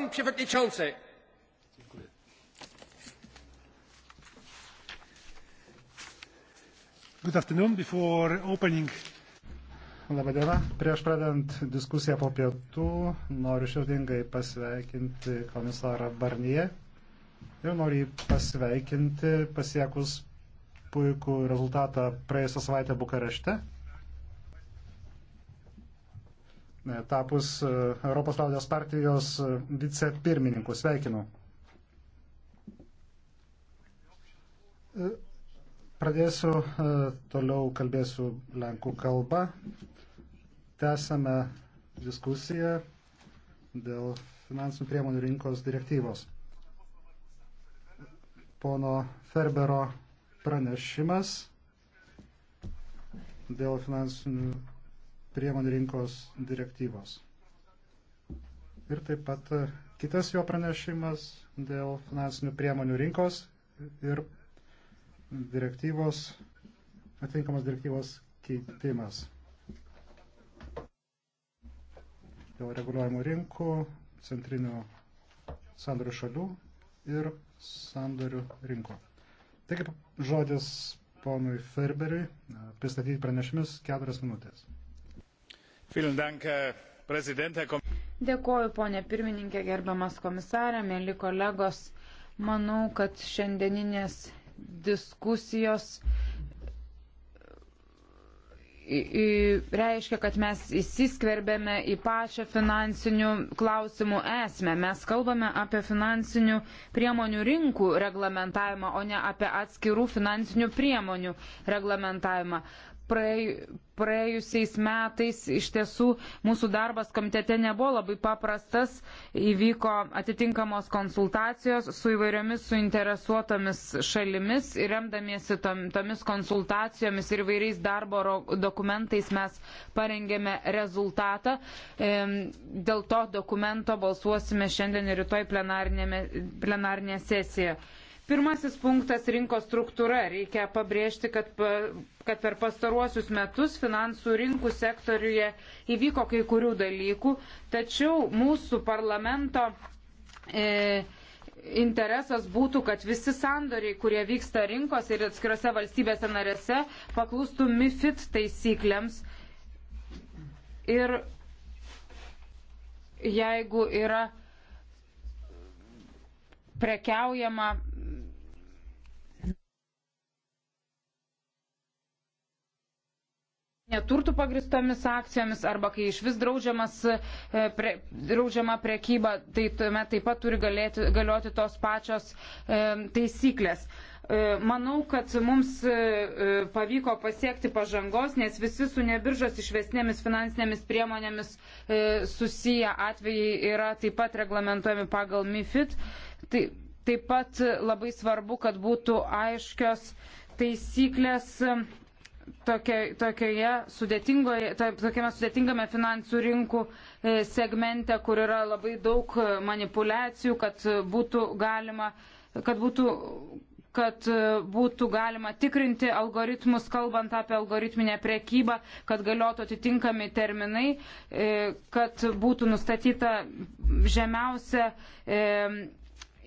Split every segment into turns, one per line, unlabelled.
Pan Przewodniczący! Dziękuję. Good afternoon. Before opening Labadiena. Prieš pradant diskusiją po pietų noriu širdingai pasveikinti komisarą Barnie ir noriu pasveikinti pasiekus puikų rezultatą praėjusią savaitę Bukarešte. tapus e, Europos liaudės partijos e, vicepirmininku. Sveikinu. E, pradėsiu, toliau kalbėsiu lenkų kalbą. Tęsame diskusiją dėl finansinių priemonių rinkos direktyvos. Pono Ferbero pranešimas dėl finansinių priemonių rinkos direktyvos. Ir taip pat e, kitas jo pranešimas dėl finansinių priemonių rinkos ir direktyvos, atitinkamos direktyvos keitimas. Dėl reguliuojamų rinkų, centrinių sandorių šalių ir sandorių rinkų. Taigi žodis ponui Ferberiui e, pristatyti pranešimus keturias minutės. Dėkuoju,
ponė pirmininkė, gerbiamas komisarė, mėly kolegos. Manau, kad šiandieninės diskusijos reiškia, kad mes įsiskverbėme į pačią finansinių klausimų esmę. Mes kalbame apie finansinių priemonių rinkų reglamentavimą, o ne apie atskirų finansinių priemonių reglamentavimą praėjusiais metais iš tiesų mūsų darbas komitete nebuvo labai paprastas, įvyko atitinkamos konsultacijos su įvairiomis suinteresuotomis šalimis ir remdamiesi tomis konsultacijomis ir įvairiais darbo dokumentais mes parengėme rezultatą. Dėl to dokumento balsuosime šiandien ir rytoj plenarnėje sesijoje. Pirmasis punktas - rinkos struktūra. Reikia pabrėžti, kad, kad per pastaruosius metus finansų rinkų sektoriuje įvyko kai kurių dalykų, tačiau mūsų parlamento e, interesas būtų, kad visi sandoriai, kurie vyksta rinkos ir atskirose valstybėse narėse, paklūstų MIFID taisyklėms. Ir jeigu yra prekiaujama neturtų pagristomis akcijomis arba kai iš vis draudžiamas, e, pre, draudžiama prekyba, tai tuomet taip pat turi galėti, galioti tos pačios e, taisyklės. E, manau, kad mums e, e pavyko pasiekti pažangos, nes visi su nebiržos išvesnėmis finansinėmis priemonėmis e, susiję atvejai yra taip pat reglamentojami pagal MIFID. Tai, taip pat labai svarbu, kad būtų aiškios taisyklės. E, tokia, tokioje sudėtingoje, tokiame sudėtingame finansų rinkų e, segmente, kur yra labai daug e, manipulacijų, kad būtų galima, kad būtų kad e, būtų galima tikrinti algoritmus, kalbant apie algoritminę priekybą, kad galiotų atitinkami terminai, kad būtų nustatyta žemiausia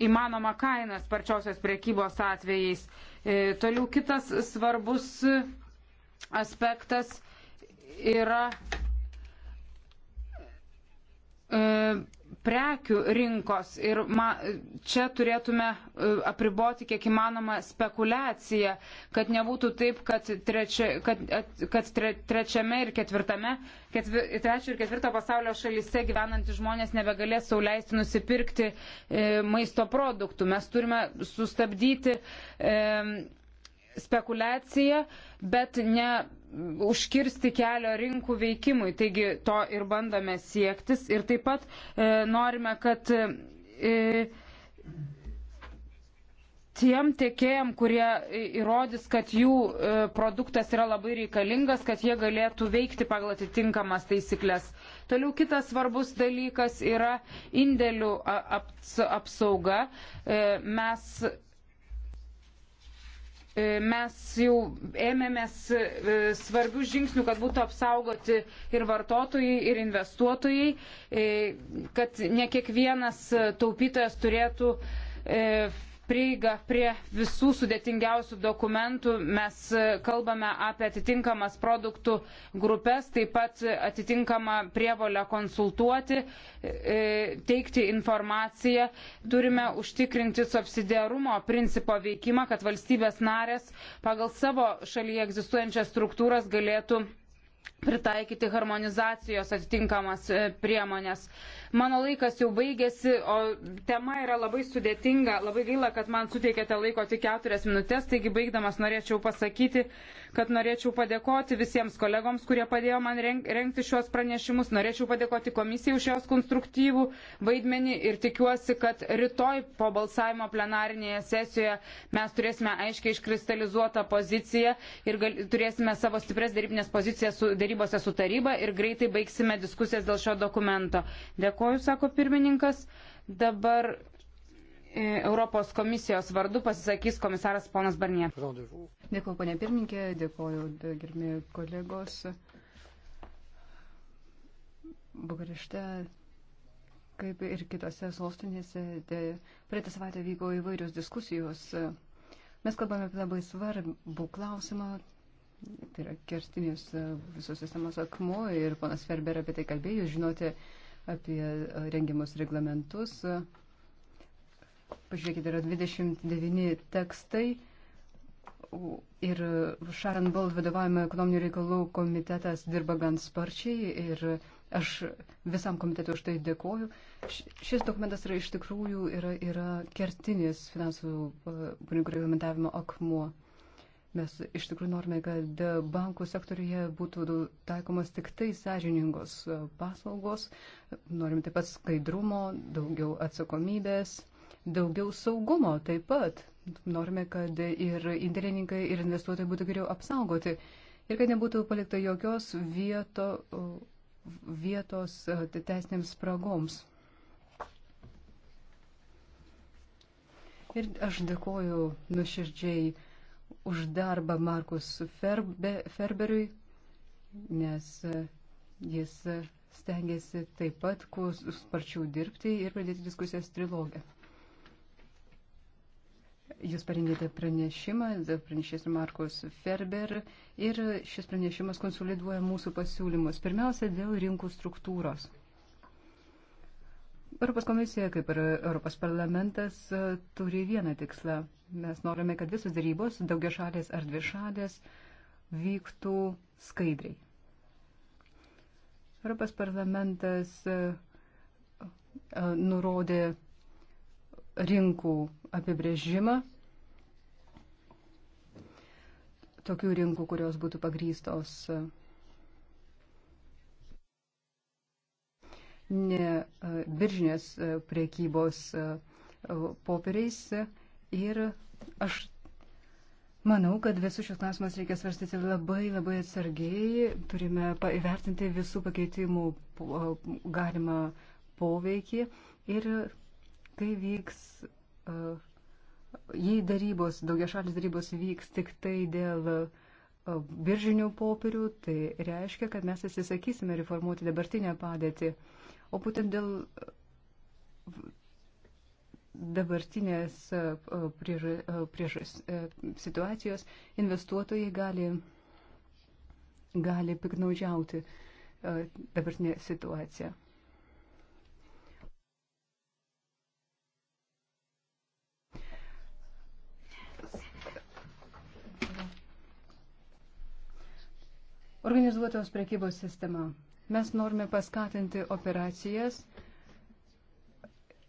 įmanoma kaina sparčiosios priekybos atvejais. Toliau kitas svarbus aspektas yra e, prekių rinkos ir ma, čia turėtume e, apriboti kiek įmanoma spekulaciją, kad nebūtų taip, kad, trečia, kad, kad tre, trečiame ir ketvirtame, ketvi, trečio ir ketvirto pasaulio šalyse gyvenantys žmonės nebegalės sauliaisti nusipirkti e, maisto produktų. Mes turime sustabdyti e, spekulaciją, bet ne užkirsti kelio rinkų veikimui. Taigi to ir bandome siektis. Ir taip pat e, norime, kad e, tiem tiekėjam, kurie įrodys, kad jų e, produktas yra labai reikalingas, kad jie galėtų veikti pagal atitinkamas taisyklės. Toliau kitas svarbus dalykas yra indėlių apsauga. E, mes E, mes jau ėmėmės e, svarbių žingsnių, kad būtų apsaugoti ir vartotojai, ir investuotojai, e, kad ne kiekvienas taupytojas turėtų prieigą prie visų sudėtingiausių dokumentų. Mes e, kalbame apie atitinkamas produktų grupės, taip pat atitinkamą prievolę konsultuoti, e, e, teikti informaciją. Turime užtikrinti subsidiarumo principo veikimą, kad valstybės narės pagal savo šalyje egzistuojančias struktūras galėtų pritaikyti harmonizacijos atitinkamas e, priemonės. Mano laikas jau baigėsi, o tema yra labai sudėtinga. Labai gaila, kad man suteikėte laiko tik keturias minutės, taigi baigdamas norėčiau pasakyti, kad norėčiau padėkoti visiems kolegoms, kurie padėjo man renkti šios pranešimus. Norėčiau padėkoti komisijai už jos konstruktyvų vaidmenį ir tikiuosi, kad rytoj po balsavimo plenarinėje sesijoje mes turėsime aiškiai iškristalizuotą poziciją ir gal, turėsime savo stipres darybinės pozicijas su, darybose su taryba ir greitai baigsime diskusijas dėl šio dokumento. Dėkoju, sako pirmininkas. Dabar E, Europos komisijos vardu pasisakys komisaras ponas Barnie. Dėkuoju,
ponė pirmininkė, dėkuoju, gerbimi kolegos. Bukarešte, kaip ir kitose sostinėse, praeitą savaitę vyko įvairios diskusijos. Mes kalbame apie labai svarbų klausimą, tai yra kertinis e, visos sistemos akmuo ir ponas Ferber apie tai kalbėjo, žinote apie e, rengiamus reglamentus. Pažiūrėkite, yra 29 tekstai. Ir Sharon Bold vadovaujama ekonominių reikalų komitetas dirba gan sparčiai ir aš visam komitetui už tai dėkoju. Šis dokumentas yra iš tikrųjų yra, yra kertinis finansų rinkų e, reglamentavimo akmuo. Mes iš tikrųjų norime, kad bankų sektoriuje būtų taikomas tik tai sąžiningos e, paslaugos. Norime taip pat skaidrumo, daugiau atsakomybės daugiau saugumo taip pat. Norime, kad ir indėlininkai, ir investuotojai būtų geriau apsaugoti ir kad nebūtų palikta jokios vieto, vietos e, teisinėms spragoms. Ir aš dėkoju nuširdžiai už darbą Markus Ferbe, Ferberiui, nes e, jis e, stengiasi taip pat kuo sparčiau dirbti ir pradėti diskusijas trilogę. Jūs parengėte pranešimą, pranešės Markus Ferber, ir šis pranešimas konsoliduoja mūsų pasiūlymus. Pirmiausia, dėl rinkų struktūros. Europos komisija, kaip ir Europos parlamentas, turi vieną tikslą. Mes norime, kad visos darybos, daugia šalės ar dvi šalės, vyktų skaidriai. Europos parlamentas e, nurodė rinkų apibrėžimą, tokių rinkų, kurios būtų pagrystos ne e, biržinės e, priekybos e, popieriais. Ir aš manau, kad visus šios klausimus reikia svarstyti labai labai atsargiai. Turime įvertinti visų pakeitimų galimą poveikį ir tai vyks, e, jei darybos, daugiašalis darybos vyks tik tai dėl e, biržinių popierių, tai reiškia, kad mes atsisakysime reformuoti dabartinę padėtį. O būtent dėl e, dabartinės priež, priež, situacijos investuotojai gali, gali piknaudžiauti dabartinę situaciją. Organizuotos prekybos sistema. Mes norime paskatinti operacijas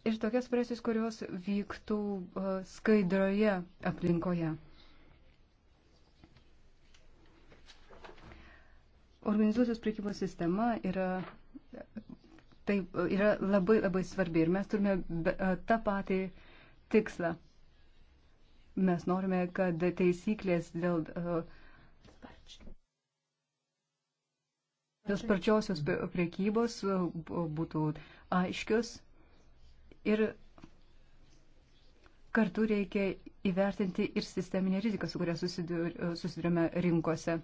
ir tokias operacijas, kurios vyktų uh, skaidroje aplinkoje. Organizuotos prekybos sistema yra tai uh, yra labai labai svarbi ir mes turime uh, tą patį tikslą. Mes norime, kad taisyklės dėl uh, dėl sparčiosios priekybos e, būtų aiškios ir kartu reikia įvertinti ir sisteminę riziką, su kuria susidurime rinkose.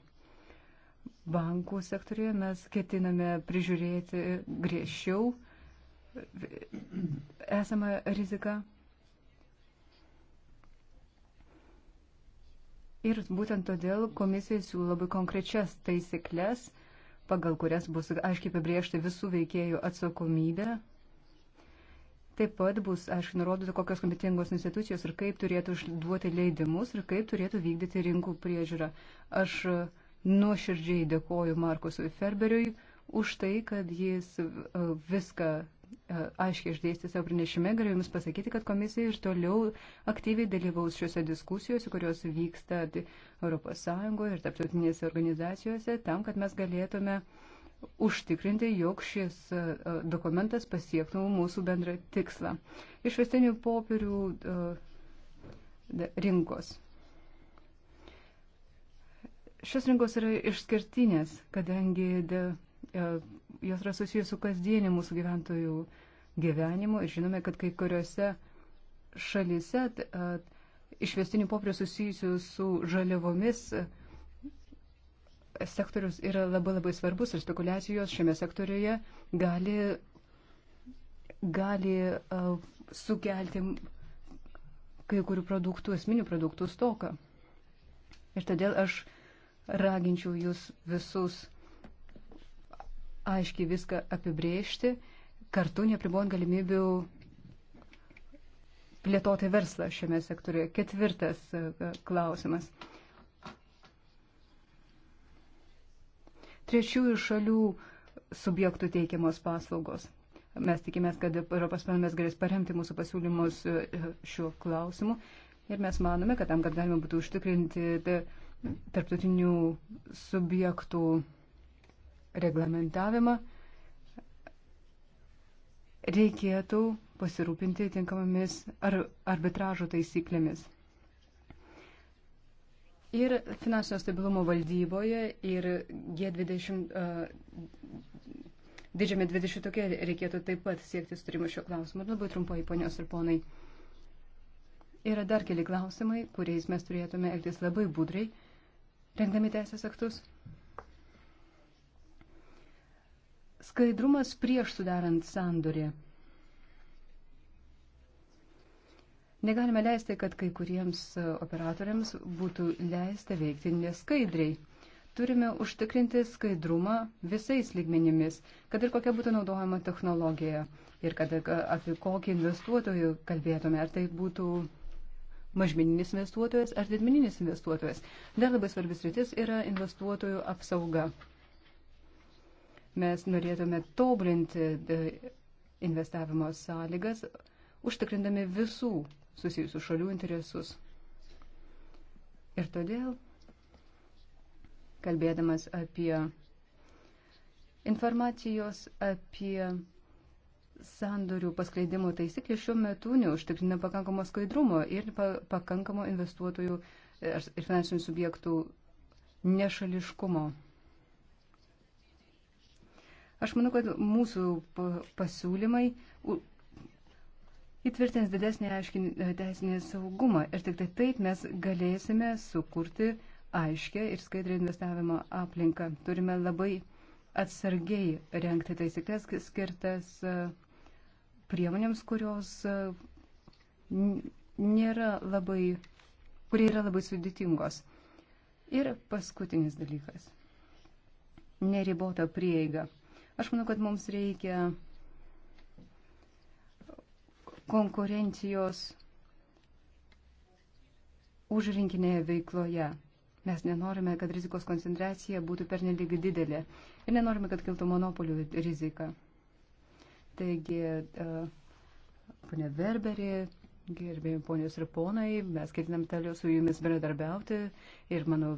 Bankų sektoriuje mes ketiname prižiūrėti griežčiau esamą riziką. Ir būtent todėl komisija siūlo labai konkrečias taisyklės, pagal kurias bus aiškiai pabrėžta visų veikėjų atsakomybė. Taip pat bus, aišku, nurodyta, kokios kompetingos institucijos ir kaip turėtų išduoti leidimus ir kaip turėtų vykdyti rinkų priežiūrą. Aš nuoširdžiai dėkoju Markusui Ferberiui už tai, kad jis e, viską E, aiškiai išdėstė savo pranešime, galiu Jums pasakyti, kad komisija ir toliau aktyviai dalyvaus šiuose diskusijose, kurios vyksta ES ir tarptautinėse organizacijose, tam, kad mes galėtume užtikrinti, jog šis e, dokumentas pasiektų mūsų bendrą tikslą. Išvestinių popierių e, rinkos. Šios rinkos yra išskirtinės, kadangi jos yra susijusi su kasdieniu mūsų gyventojų gyvenimu ir žinome, kad kai kuriuose šalise išvestinių popierių susijusių su žaliavomis e, sektorius yra labai labai svarbus ir spekulacijos šiame sektoriuje gali, gali uh, sukelti kai kurių produktų, esminių produktų stoką. Ir todėl aš raginčiau jūs visus aiškiai viską apibriežti, kartu nepribuojant galimybių plėtoti verslą šiame sektoriuje. Ketvirtas e, e, klausimas. Trečiųjų šalių subjektų teikiamos paslaugos. Mes tikimės, kad Europos parlamentas galės paremti mūsų pasiūlymus e, šiuo klausimu ir mes manome, kad tam, kad galima būtų užtikrinti tarptautinių subjektų reglamentavimą, reikėtų pasirūpinti tinkamomis ar, arbitražo taisyklėmis. Ir finansinio stabilumo valdyboje ir G20, uh, didžiame 20 tokie reikėtų taip pat siekti sutarimo šio klausimu. Ir labai trumpai, ponios ir ponai. Yra dar keli klausimai, kuriais mes turėtume elgtis labai budriai, rengdami teisės aktus. Skaidrumas prieš sudarant sandorį. Negalime leisti, kad kai kuriems operatoriams būtų leista veikti neskaidriai. Turime užtikrinti skaidrumą visais lygmenimis, kad ir kokia būtų naudojama technologija ir kad apie kokį investuotojų kalbėtume, ar tai būtų mažmeninis investuotojas ar didmeninis investuotojas. Dar labai svarbis rytis yra investuotojų apsauga. Mes norėtume tobulinti e, investavimo sąlygas, užtikrindami visų susijusių šalių interesus. Ir todėl, kalbėdamas apie informacijos, apie sandorių paskleidimo taisyklių, šiuo metu neužtikrina pakankamo skaidrumo ir pakankamo investuotojų e, ir finansinių subjektų nešališkumo. Aš manau, kad mūsų pasiūlymai įtvirtins didesnį e, teisinį saugumą ir tik tai taip mes galėsime sukurti aiškę ir skaidrę investavimo aplinką. Turime labai atsargiai renkti taisyklės skirtas e, priemonėms, kurios e, nėra labai, kurie yra labai sudėtingos. Ir paskutinis dalykas - neribota prieiga. Aš manau, kad mums reikia konkurencijos užrinkinėje veikloje. Mes nenorime, kad rizikos koncentracija būtų pernelyg didelė ir nenorime, kad kiltų monopolių rizika. Taigi, uh, ponia Verberė Gerbėjai ponios ir ponai, mes ketinam toliau su jumis bendradarbiauti ir mano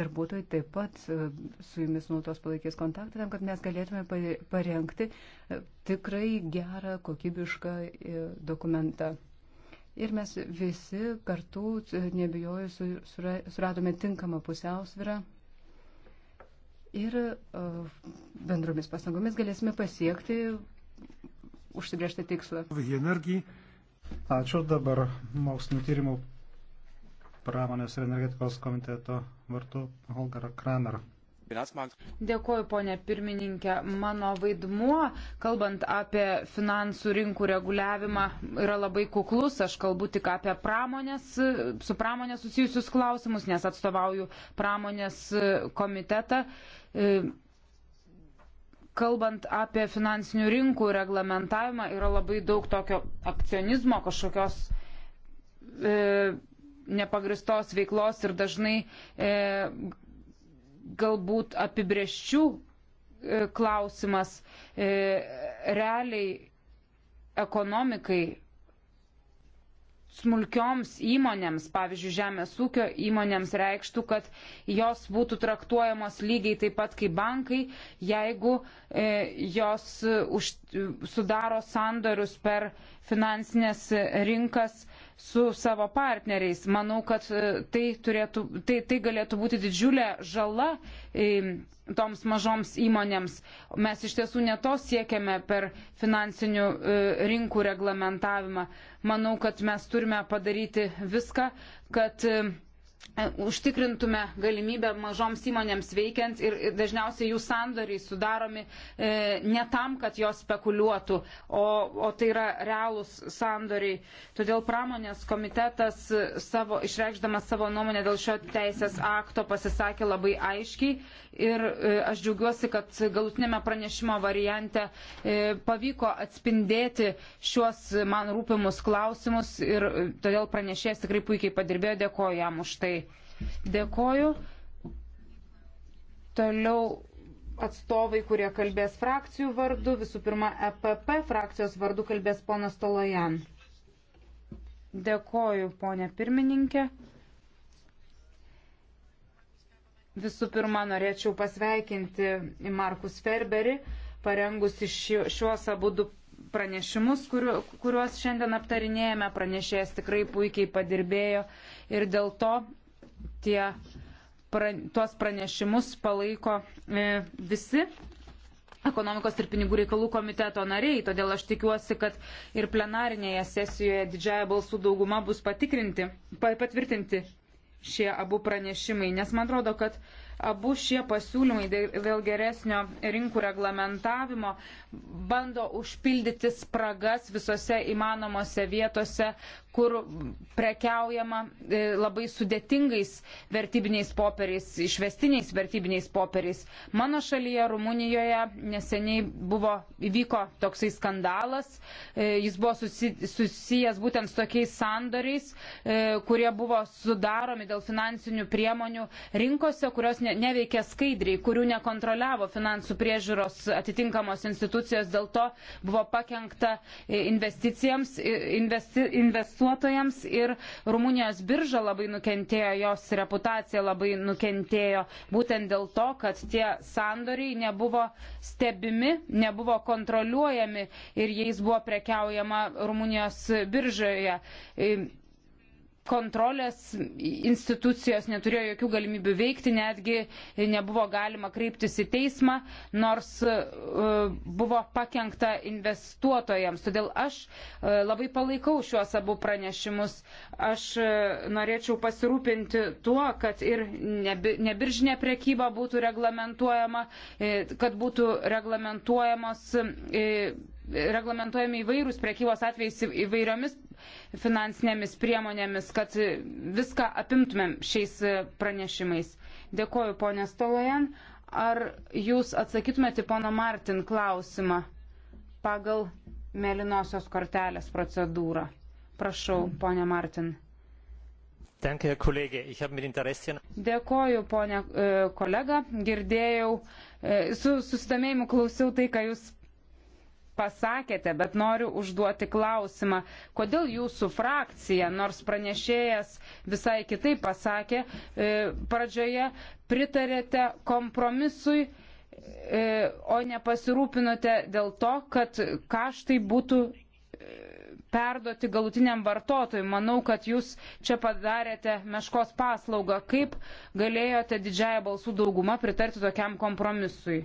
darbuotojai taip pat e, su jumis nuolatos palaikės kontaktą tam, kad mes galėtume parengti e, tikrai gerą, kokybišką e, dokumentą. Ir mes visi kartu, nebijoju, suradome tinkamą pusiausvyrą. Ir
bendromis pastangomis galėsime pasiekti užsibriežtą tikslą. Energiją Ačiū dabar mokslinio tyrimų pramonės ir energetikos komiteto vartų Holger Kramer.
Dėkuoju, ponė pirmininkė. Mano vaidmuo, kalbant apie finansų rinkų reguliavimą, yra labai kuklus. Aš kalbu tik apie pramonės, su pramonės susijusius klausimus, nes atstovauju pramonės komitetą. E, kalbant apie finansinių rinkų reglamentavimą, yra labai daug tokio akcionizmo, kažkokios e, nepagristos veiklos ir dažnai e, galbūt apibrieščių e, klausimas e, realiai ekonomikai smulkioms įmonėms, pavyzdžiui, žemės ūkio įmonėms reikštų, kad jos būtų traktuojamos lygiai taip pat kaip bankai, jeigu e, jos už, sudaro sandorius per finansinės rinkas su savo partneriais. Manau, kad e, tai, turėtų, tai, tai galėtų būti didžiulė žala e, toms mažoms įmonėms. Mes iš tiesų neto siekiame per finansinių e, rinkų reglamentavimą. Manau, kad mes turime padaryti viską, kad E, užtikrintume galimybę mažoms įmonėms veikiant ir dažniausiai jų sandoriai sudaromi e, ne tam, kad jos spekuliuotų, o, o tai yra realūs sandoriai. Todėl pramonės komitetas, savo, išreikšdamas savo nuomonę dėl šio teisės akto, pasisakė labai aiškiai ir e, aš džiaugiuosi, kad galutinėme pranešimo variante e, pavyko atspindėti šiuos man rūpimus klausimus ir e, todėl pranešėjas tikrai puikiai padirbėjo, dėkoju jam už tai. Šmitai. Dėkoju. Toliau atstovai, kurie kalbės frakcijų vardu. Visų pirma, EPP frakcijos vardu kalbės ponas Tolojan. Dėkoju, ponė pirmininkė. Visų pirma, norėčiau pasveikinti Markus Ferberį, parengusi šiuos abu du pranešimus, kuriuos šiandien aptarinėjame. Pranešėjas tikrai puikiai padirbėjo ir dėl to tie, pra, tuos pranešimus palaiko e, visi ekonomikos ir pinigų reikalų komiteto nariai, todėl aš tikiuosi, kad ir plenarinėje sesijoje didžiaja balsų dauguma bus patikrinti, patvirtinti šie abu pranešimai, nes man atrodo, kad abu šie pasiūlymai dėl geresnio rinkų reglamentavimo bando užpildyti spragas visose įmanomose vietose, kur prekiaujama e, labai sudėtingais vertybiniais popieriais, išvestiniais vertybiniais popieriais. Mano šalyje, Rumunijoje, neseniai buvo, įvyko toksai skandalas. E, jis buvo susi, susijęs būtent su tokiais sandoriais, e, kurie buvo sudaromi dėl finansinių priemonių rinkose, kurios ne, neveikė skaidriai, kurių nekontroliavo finansų priežiūros atitinkamos institucijos. Dėl to buvo pakengta investicijams, investi, investuojant investuotojams ir Rumunijos birža labai nukentėjo, jos reputacija labai nukentėjo būtent dėl to, kad tie sandoriai nebuvo stebimi, nebuvo kontroliuojami ir jais buvo prekiaujama Rumunijos biržoje kontrolės institucijos neturėjo jokių galimybių veikti, netgi nebuvo galima kreiptis į teismą, nors e, buvo pakengta investuotojams. Todėl aš e, labai palaikau šiuos abu pranešimus. Aš e, norėčiau pasirūpinti tuo, kad ir nebiržinė prekyba būtų reglamentuojama, kad būtų reglamentuojamos reglamentojami įvairūs prekybos atvejais įvairiomis finansinėmis priemonėmis, kad viską apimtumėm šiais pranešimais. Dėkoju, ponė Stolojan. Ar jūs atsakytumėte pono Martin klausimą pagal mėlynosios kortelės procedūrą? Prašau, ponė Martin. Dėkoju, ponė e, kolega. Girdėjau, e, su susidomėjimu klausiau tai, ką jūs pasakėte, bet noriu užduoti klausimą, kodėl jūsų frakcija, nors pranešėjas visai kitai pasakė, e, pradžioje pritarėte kompromisui, e, o nepasirūpinote dėl to, kad kaštai būtų e, perduoti galutiniam vartotojui. Manau, kad jūs čia padarėte meškos paslaugą. Kaip galėjote didžiąją balsų daugumą pritarti tokiam kompromisui?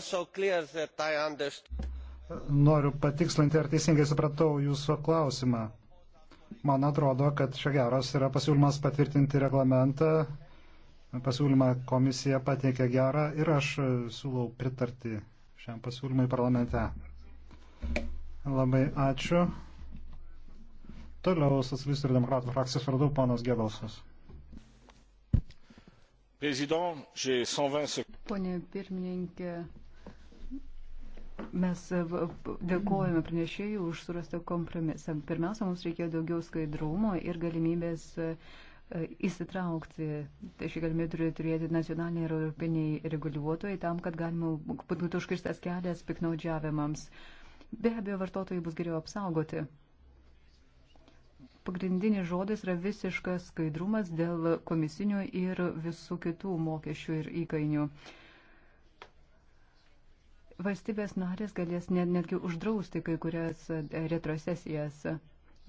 So Noriu patikslinti, ar teisingai supratau jūsų klausimą. Man atrodo, kad čia geras yra pasiūlymas patvirtinti reglamentą. Pasiūlymą komisija pateikė gerą ir aš siūlau pritarti šiam pasiūlymui parlamente. Labai ačiū. Toliau socialistų ir demokratų frakcijos vardu ponas Gebelsas.
Pone pirmininkė, mes dėkojame pranešėjai už surastą kompromisą. Pirmiausia, mums reikėjo daugiau skaidrumo ir galimybės e, įsitraukti. Tai šį galimybę turi turėti nacionaliniai ir europiniai reguliuotojai tam, kad galima būtų užkirstas kelias piknaudžiavimams. Be abejo, vartotojai bus geriau apsaugoti pagrindinis žodis yra visiškas skaidrumas dėl komisinių ir visų kitų mokesčių ir įkainių. Valstybės narės galės net, netgi uždrausti kai kurias e, retrosesijas.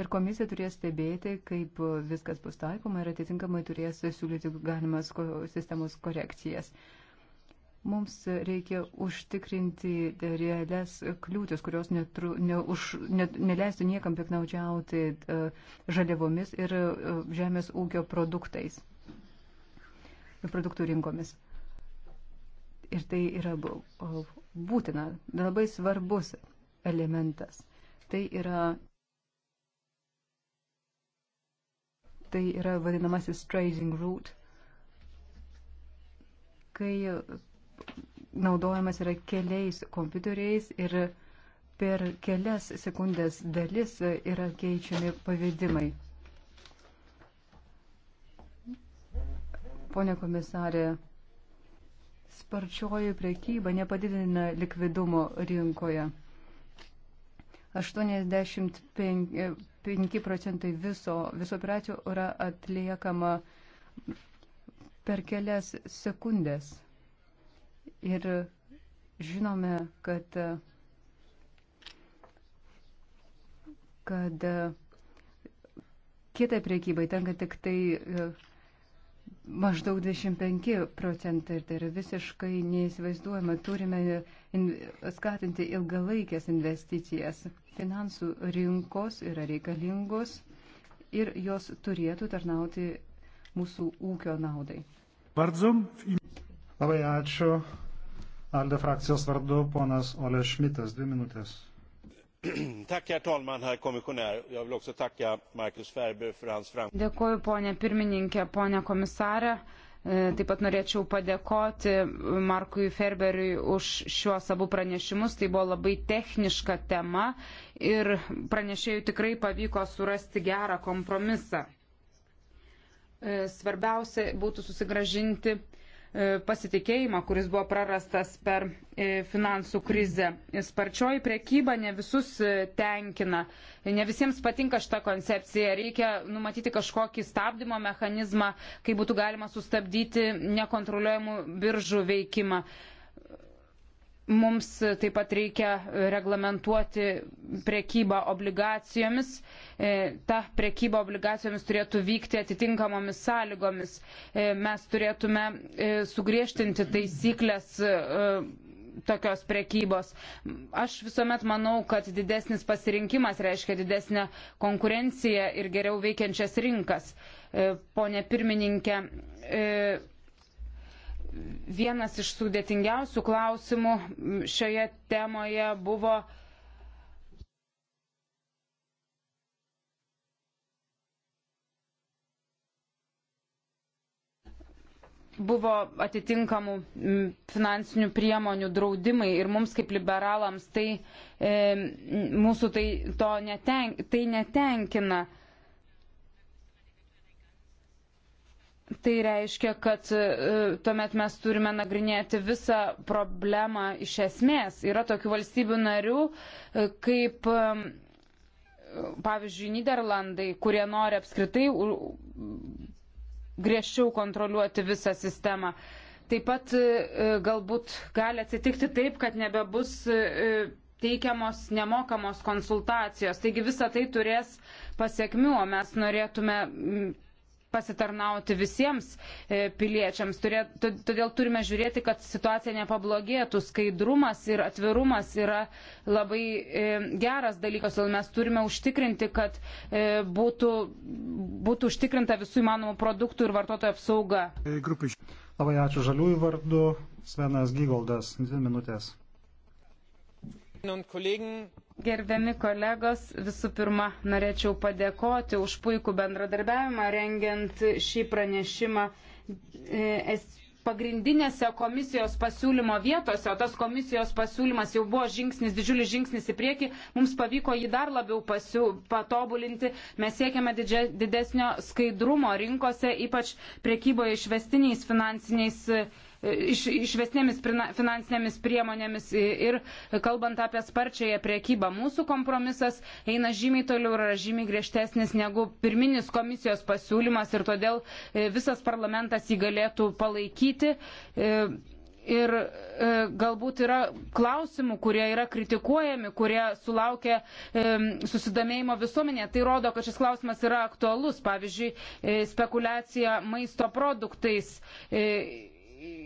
Ir komisija turės stebėti, kaip viskas bus taikoma ir atitinkamai turės siūlyti galimas sistemos korekcijas. Mums reikia užtikrinti realias kliūtis, kurios netru, ne, už, ne, neleistų niekam piknaudžiauti e, žaliavomis ir e, žemės ūkio produktais, produktų rinkomis. Ir tai yra būtina, labai svarbus elementas. Tai yra tai yra vadinamasis tracing route, kai naudojamas yra keliais kompiuteriais ir per kelias sekundės dalis yra keičiami pavedimai. Pone komisarė, sparčioji prekyba nepadidina likvidumo rinkoje. 85 procentai viso, viso operacijų yra atliekama per kelias sekundės. Ir žinome, kad, kad kitai priekybai tenka tik tai e, maždaug 25 procentai ir tai yra visiškai neįsivaizduojama. Turime in, skatinti ilgalaikės investicijas. Finansų rinkos yra reikalingos ir jos turėtų tarnauti mūsų ūkio naudai.
Bardzo. Labai ačiū. Alde frakcijos vardu ponas Ole Šmitas, dvi minutės. Dėkuoju, ponė pirmininkė,
ponė komisarė. E, taip pat norėčiau padėkoti Markui Ferberiui už šiuos abu pranešimus. Tai buvo labai techniška tema ir pranešėjų tikrai pavyko surasti gerą kompromisą. E, svarbiausia būtų susigražinti E, pasitikėjimą, kuris buvo prarastas per e, finansų krizę. Sparčioji priekyba ne visus e, tenkina, ne visiems patinka šita koncepcija. Reikia numatyti kažkokį stabdymo mechanizmą, kai būtų galima sustabdyti nekontroliuojamų biržų veikimą. Mums taip pat reikia reglamentuoti prekybą obligacijomis. E, ta prekyba obligacijomis turėtų vykti atitinkamomis sąlygomis. E, mes turėtume e, sugriežtinti taisyklės tokios prekybos. Aš visuomet manau, kad didesnis pasirinkimas reiškia didesnę konkurenciją ir geriau veikiančias rinkas. Pone pirmininkė, vienas iš sudėtingiausių klausimų šioje temoje buvo buvo atitinkamų finansinių priemonių draudimai ir mums kaip liberalams tai e, mūsų tai, to neten, tai netenkina. E, Tai reiškia, kad e, tuomet mes turime nagrinėti visą problemą iš esmės. Yra tokių valstybių narių, e, kaip e, pavyzdžiui Niderlandai, kurie nori apskritai griežčiau kontroliuoti visą sistemą. Taip pat galbūt gali atsitikti taip, kad nebebus teikiamos nemokamos konsultacijos. Taigi visa tai turės pasiekmių, o mes norėtume pasitarnauti visiems e, piliečiams. Todėl turime žiūrėti, kad situacija nepablogėtų. Skaidrumas ir atvirumas yra labai e, geras dalykas, todėl mes turime užtikrinti, kad e, būtų, būtų užtikrinta visų įmanomų produktų ir vartotojų apsauga.
Labai ačiū žaliųjų vardu. Svenas Gygoldas, dvi minutės.
Gerbiami kolegos, visų pirma, norėčiau padėkoti už puikų bendradarbiavimą rengiant šį pranešimą. E, pagrindinėse komisijos pasiūlymo vietose, o tas komisijos pasiūlymas jau buvo žingsnis, didžiulis žingsnis į priekį, mums pavyko jį dar labiau pasiū, patobulinti. Mes siekiame didžia, didesnio skaidrumo rinkose, ypač priekyboje išvestiniais finansiniais iš, išvesnėmis finansinėmis priemonėmis ir kalbant apie sparčiąją priekybą. Mūsų kompromisas eina žymiai toliau ir yra žymiai griežtesnis negu pirminis komisijos pasiūlymas ir todėl e, visas parlamentas jį galėtų palaikyti. E, ir e, galbūt yra klausimų, kurie yra kritikuojami, kurie sulaukia e, susidomėjimo visuomenėje. Tai rodo, kad šis klausimas yra aktualus. Pavyzdžiui, e, spekulacija maisto produktais. E,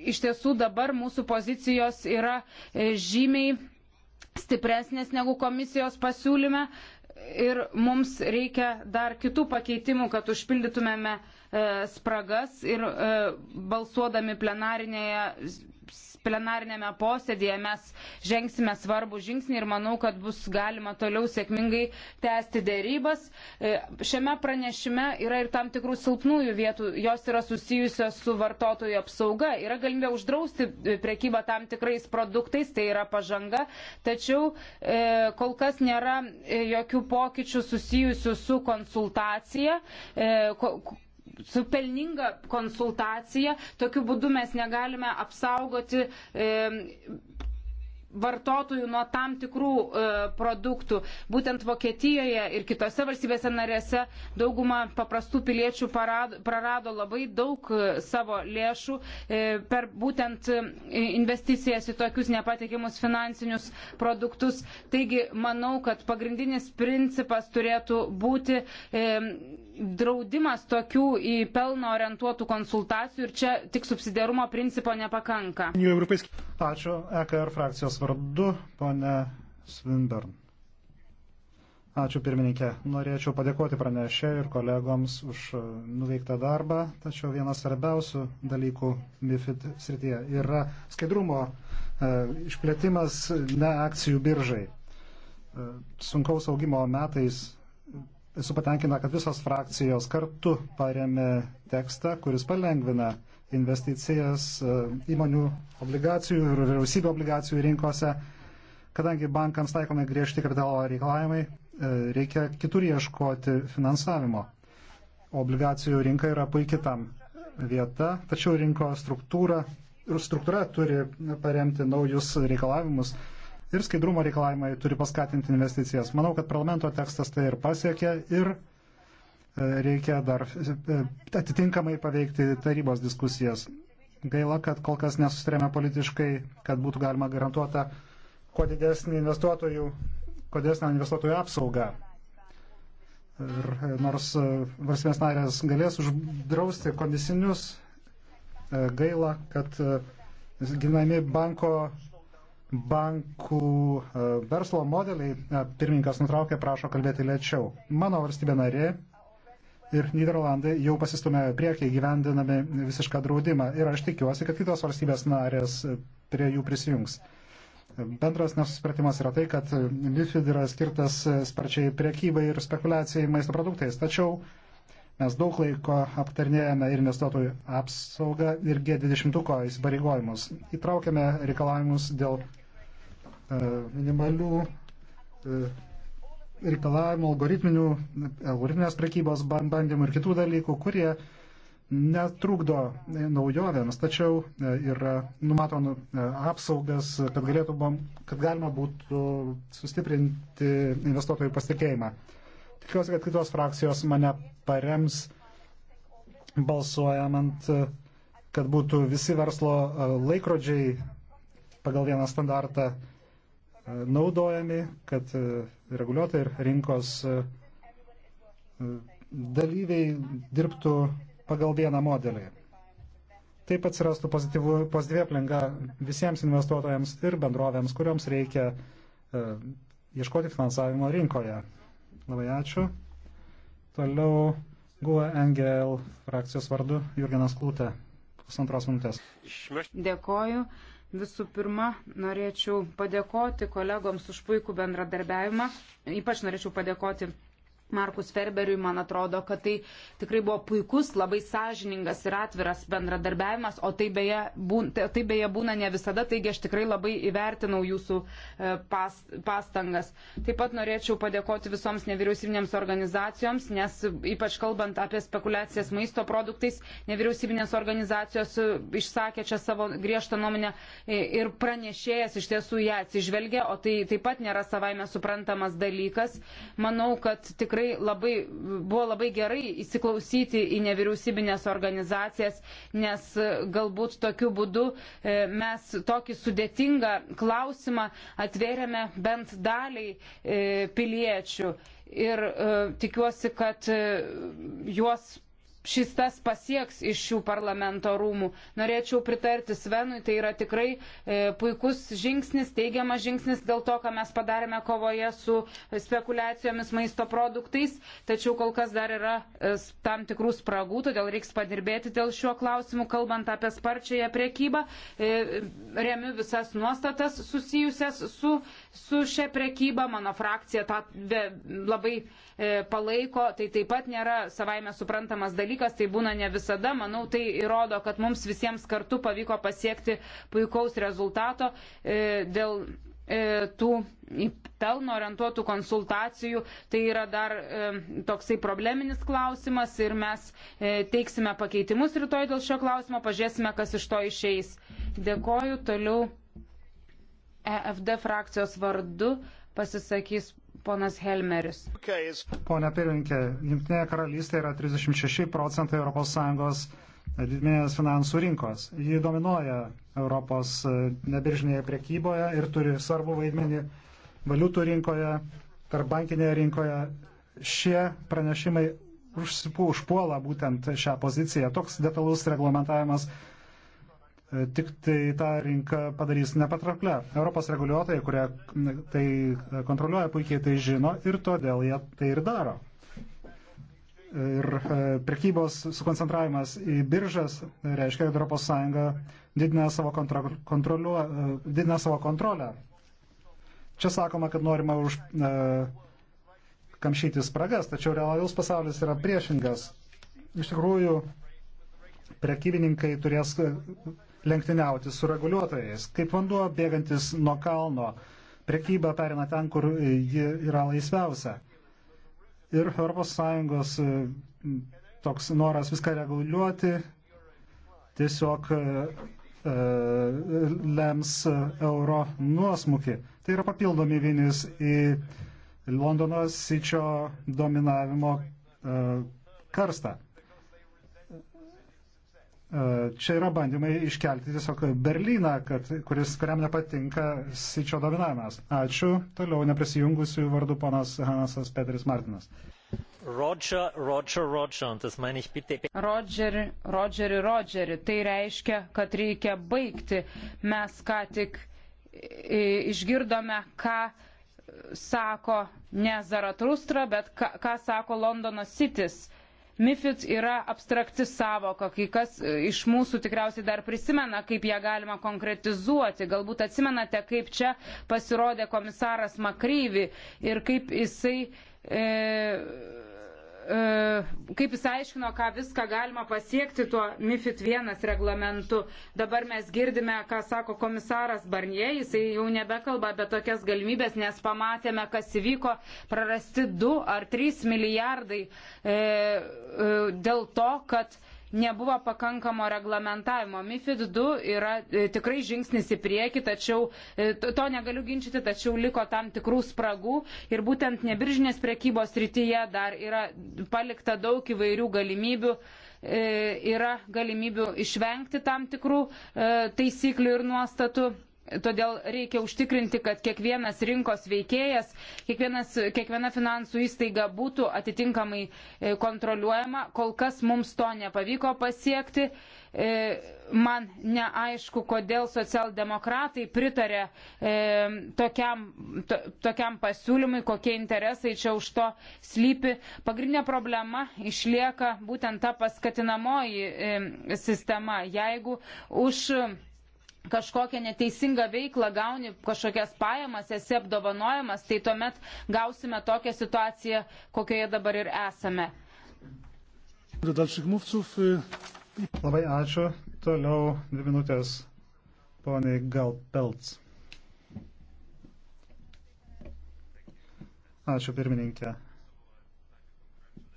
iš tiesų dabar mūsų pozicijos yra e, žymiai stipresnės negu komisijos pasiūlyme ir mums reikia dar kitų pakeitimų, kad užpildytumėme e, spragas ir e, balsuodami plenarinėje plenarinėme posėdėje mes žengsime svarbų žingsnį ir manau, kad bus galima toliau sėkmingai tęsti dėrybas. E, šiame pranešime yra ir tam tikrų silpnųjų vietų, jos yra susijusios su vartotojų apsauga. Yra galimybė uždrausti e, prekybą tam tikrais produktais, tai yra pažanga, tačiau e, kol kas nėra jokių pokyčių susijusių su konsultacija su pelninga konsultacija. Tokiu būdu mes negalime apsaugoti. E, vartotojų nuo tam tikrų e, produktų. Būtent Vokietijoje ir kitose valstybėse narėse dauguma paprastų piliečių parado, prarado labai daug e, savo lėšų e, per būtent e, investicijas į tokius nepatikimus finansinius produktus. Taigi manau, kad pagrindinis principas turėtų būti e, draudimas tokių į pelno orientuotų konsultacijų ir čia tik subsidiarumo principo nepakanka.
Ačiū EKR frakcijos vardu vardu, ponė Svinburn. Ačiū pirmininkė. Norėčiau padėkoti pranešė ir kolegoms už e, nuveiktą darbą, tačiau vienas svarbiausių dalykų MIFID srityje yra skaidrumo e, išplėtimas ne akcijų biržai. E, sunkaus augimo metais esu patenkina, kad visos frakcijos kartu paremė tekstą, kuris palengvina investicijas e, įmonių obligacijų ir vyriausybių obligacijų rinkose. Kadangi bankams taikomi griežti kapitalo reikalavimai, e, reikia kitur ieškoti finansavimo. Obligacijų rinka yra puikiai tam vieta, tačiau rinkos struktūra ir struktūra turi paremti naujus reikalavimus ir skaidrumo reikalavimai turi paskatinti investicijas. Manau, kad parlamento tekstas tai ir pasiekė ir reikia dar e, atitinkamai paveikti tarybos diskusijas. Gaila, kad kol kas nesustarėme politiškai, kad būtų galima garantuota kuo didesnį investuotojų, kuo didesnę investuotojų apsaugą. Ir e, nors e, valstybės narės galės uždrausti kondisinius, gaila, kad ginami banko, bankų verslo modeliai, pirmininkas nutraukė, prašo kalbėti lėčiau. Mano valstybė narė ir Niderlandai jau pasistumė priekį gyvendinami visišką draudimą ir aš tikiuosi, kad kitos valstybės narės prie jų prisijungs. Bendras nesusipratimas yra tai, kad MIFID yra skirtas sparčiai priekybai ir spekulacijai maisto produktais, tačiau mes daug laiko aptarnėjame ir investuotojų apsaugą ir G20 įsipareigojimus. Įtraukėme reikalavimus dėl uh, minimalių uh, reikalavimų, algoritminių, algoritminės prekybos bandymų ir kitų dalykų, kurie netrukdo naujovėms, tačiau e, yra numatom e, apsaugas, kad, galėtų, kad galima būtų sustiprinti investuotojų pasitikėjimą. Tikiuosi, kad kitos frakcijos mane parems balsuojant, e, kad būtų visi verslo laikrodžiai pagal vieną standartą E, naudojami, kad e, reguliuotojai ir rinkos e, dalyviai dirbtų pagal vieną modelį. Taip atsirastų pozityvi aplinka visiems investuotojams ir bendrovėms, kuriuoms reikia ieškoti finansavimo rinkoje. Labai ačiū. Toliau GUE NGL frakcijos vardu Jurgenas Klūtė. Pusantros minutės.
Dėkoju. Visų pirma, norėčiau padėkoti kolegoms už puikų bendradarbiavimą. Ypač norėčiau padėkoti Markus Ferberiui, man atrodo, kad tai tikrai buvo puikus, labai sąžiningas ir atviras bendradarbiavimas, o tai beje, būna, tai, tai beje būna ne visada, taigi aš tikrai labai įvertinau jūsų e, pas, pastangas. Taip pat norėčiau padėkoti visoms nevyriausybinėms organizacijoms, nes ypač kalbant apie spekulacijas maisto produktais, nevyriausybinės organizacijos e, išsakė čia savo griežtą nuomonę e, ir pranešėjas iš tiesų ją atsižvelgia, o tai taip pat nėra savaime suprantamas dalykas. Manau, kad tikrai tikrai labai, buvo labai gerai įsiklausyti į nevyriausybinės organizacijas, nes e, galbūt tokiu būdu e, mes tokį sudėtingą klausimą atvėrėme bent daliai e, piliečių. Ir tikiuosi, kad juos šis tas pasieks iš šių parlamento rūmų. Norėčiau pritarti Svenui, tai yra tikrai e, puikus žingsnis, teigiamas žingsnis dėl to, ką mes padarėme kovoje su spekulacijomis maisto produktais, tačiau kol kas dar yra e, tam tikrų spragų, todėl reiks padirbėti dėl šiuo klausimu, kalbant apie sparčiąją priekybą. E, remiu visas nuostatas susijusias su su šia prekyba, mano frakcija tą labai e, palaiko, tai taip pat nėra savaime suprantamas dalykas, tai būna ne visada, manau, tai įrodo, kad mums visiems kartu pavyko pasiekti puikaus rezultato e, dėl e, tų pelno orientuotų konsultacijų. Tai yra dar toksai probleminis klausimas ir mes teiksime pakeitimus rytoj dėl šio klausimo, pažiūrėsime, kas iš to išeis. Dėkoju, toliau EFD frakcijos vardu pasisakys ponas Helmeris.
Pone pirmininkė, Junktinėje karalystėje yra 36 procentai ES didmenės finansų rinkos. Ji dominuoja Europos e, nebiržinėje prekyboje ir turi svarbų vaidmenį valiutų rinkoje, tarbankinėje rinkoje. Šie pranešimai užsipu, užpuola būtent šią poziciją. Toks detalus reglamentavimas E, tik tai tą rinką padarys nepatrauklę. Europos reguliuotojai, kurie tai kontroliuoja, puikiai tai žino ir todėl jie tai ir daro. Ir e, prekybos sukoncentravimas į biržas reiškia, kad ES didina savo, kontra, e, didina savo kontrolę. Čia sakoma, kad norima už e, kamšyti spragas, tačiau realus pasaulis yra priešingas. Iš tikrųjų, prekybininkai turės lenktyniauti su reguliuotojais. Kaip vanduo bėgantis nuo kalno, prekyba perina ten, kur ji yra laisviausia. Ir ES e, toks noras viską reguliuoti tiesiog e, e, lems euro nuosmukį. Tai yra papildomi vienis į Londono sičio dominavimo karstą. E, čia yra bandymai iškelti tiesiog Berlyną, kad, kuris, kuriam nepatinka sičio dominavimas. Ačiū. Toliau neprisijungusių vardu ponas Hanasas Peteris Martinas. Roger, Roger, Roger, das meine ich bitte. Roger, Roger,
Roger, tai reiškia, kad reikia baigti. Mes ką tik išgirdome, ką sako ne Zaratustra, bet ką, ką sako Londono Citys MIFID yra abstrakti savoka, kai kas e, iš mūsų tikriausiai dar prisimena, kaip ją galima konkretizuoti. Galbūt atsimenate, kaip čia pasirodė komisaras Makryvi ir kaip jisai e, E, kaip jis aiškino, ką viską galima pasiekti tuo MIFID 1 reglamentu. Dabar mes girdime, ką sako komisaras Barnie, jisai jau nebekalba apie tokias galimybės, nes pamatėme, kas įvyko, prarasti 2 ar 3 milijardai e, e, dėl to, kad e, nebuvo pakankamo reglamentavimo. MIFID 2 yra e, tikrai žingsnis į priekį, tačiau e, to negaliu ginčyti, tačiau liko tam tikrų spragų ir būtent nebiržinės prekybos rytyje dar yra palikta daug įvairių galimybių e, yra galimybių išvengti tam tikrų taisyklių ir nuostatų. Todėl reikia užtikrinti, kad kiekvienas rinkos veikėjas, kiekvienas, kiekviena finansų įstaiga būtų atitinkamai e, kontroliuojama. Kol kas mums to nepavyko pasiekti. E, man neaišku, kodėl socialdemokratai pritarė e, tokiam, to, tokiam pasiūlymui, kokie interesai čia už to slypi. Pagrindinė problema išlieka būtent ta paskatinamoji sistema. Jeigu už kažkokią neteisingą veiklą, gauni kažkokias pajamas, esi apdovanojamas, tai tuomet gausime tokią situaciją, kokioje dabar ir esame.
Labai ačiū. Toliau dvi minutės poniai Galpelts. Ačiū pirmininkė.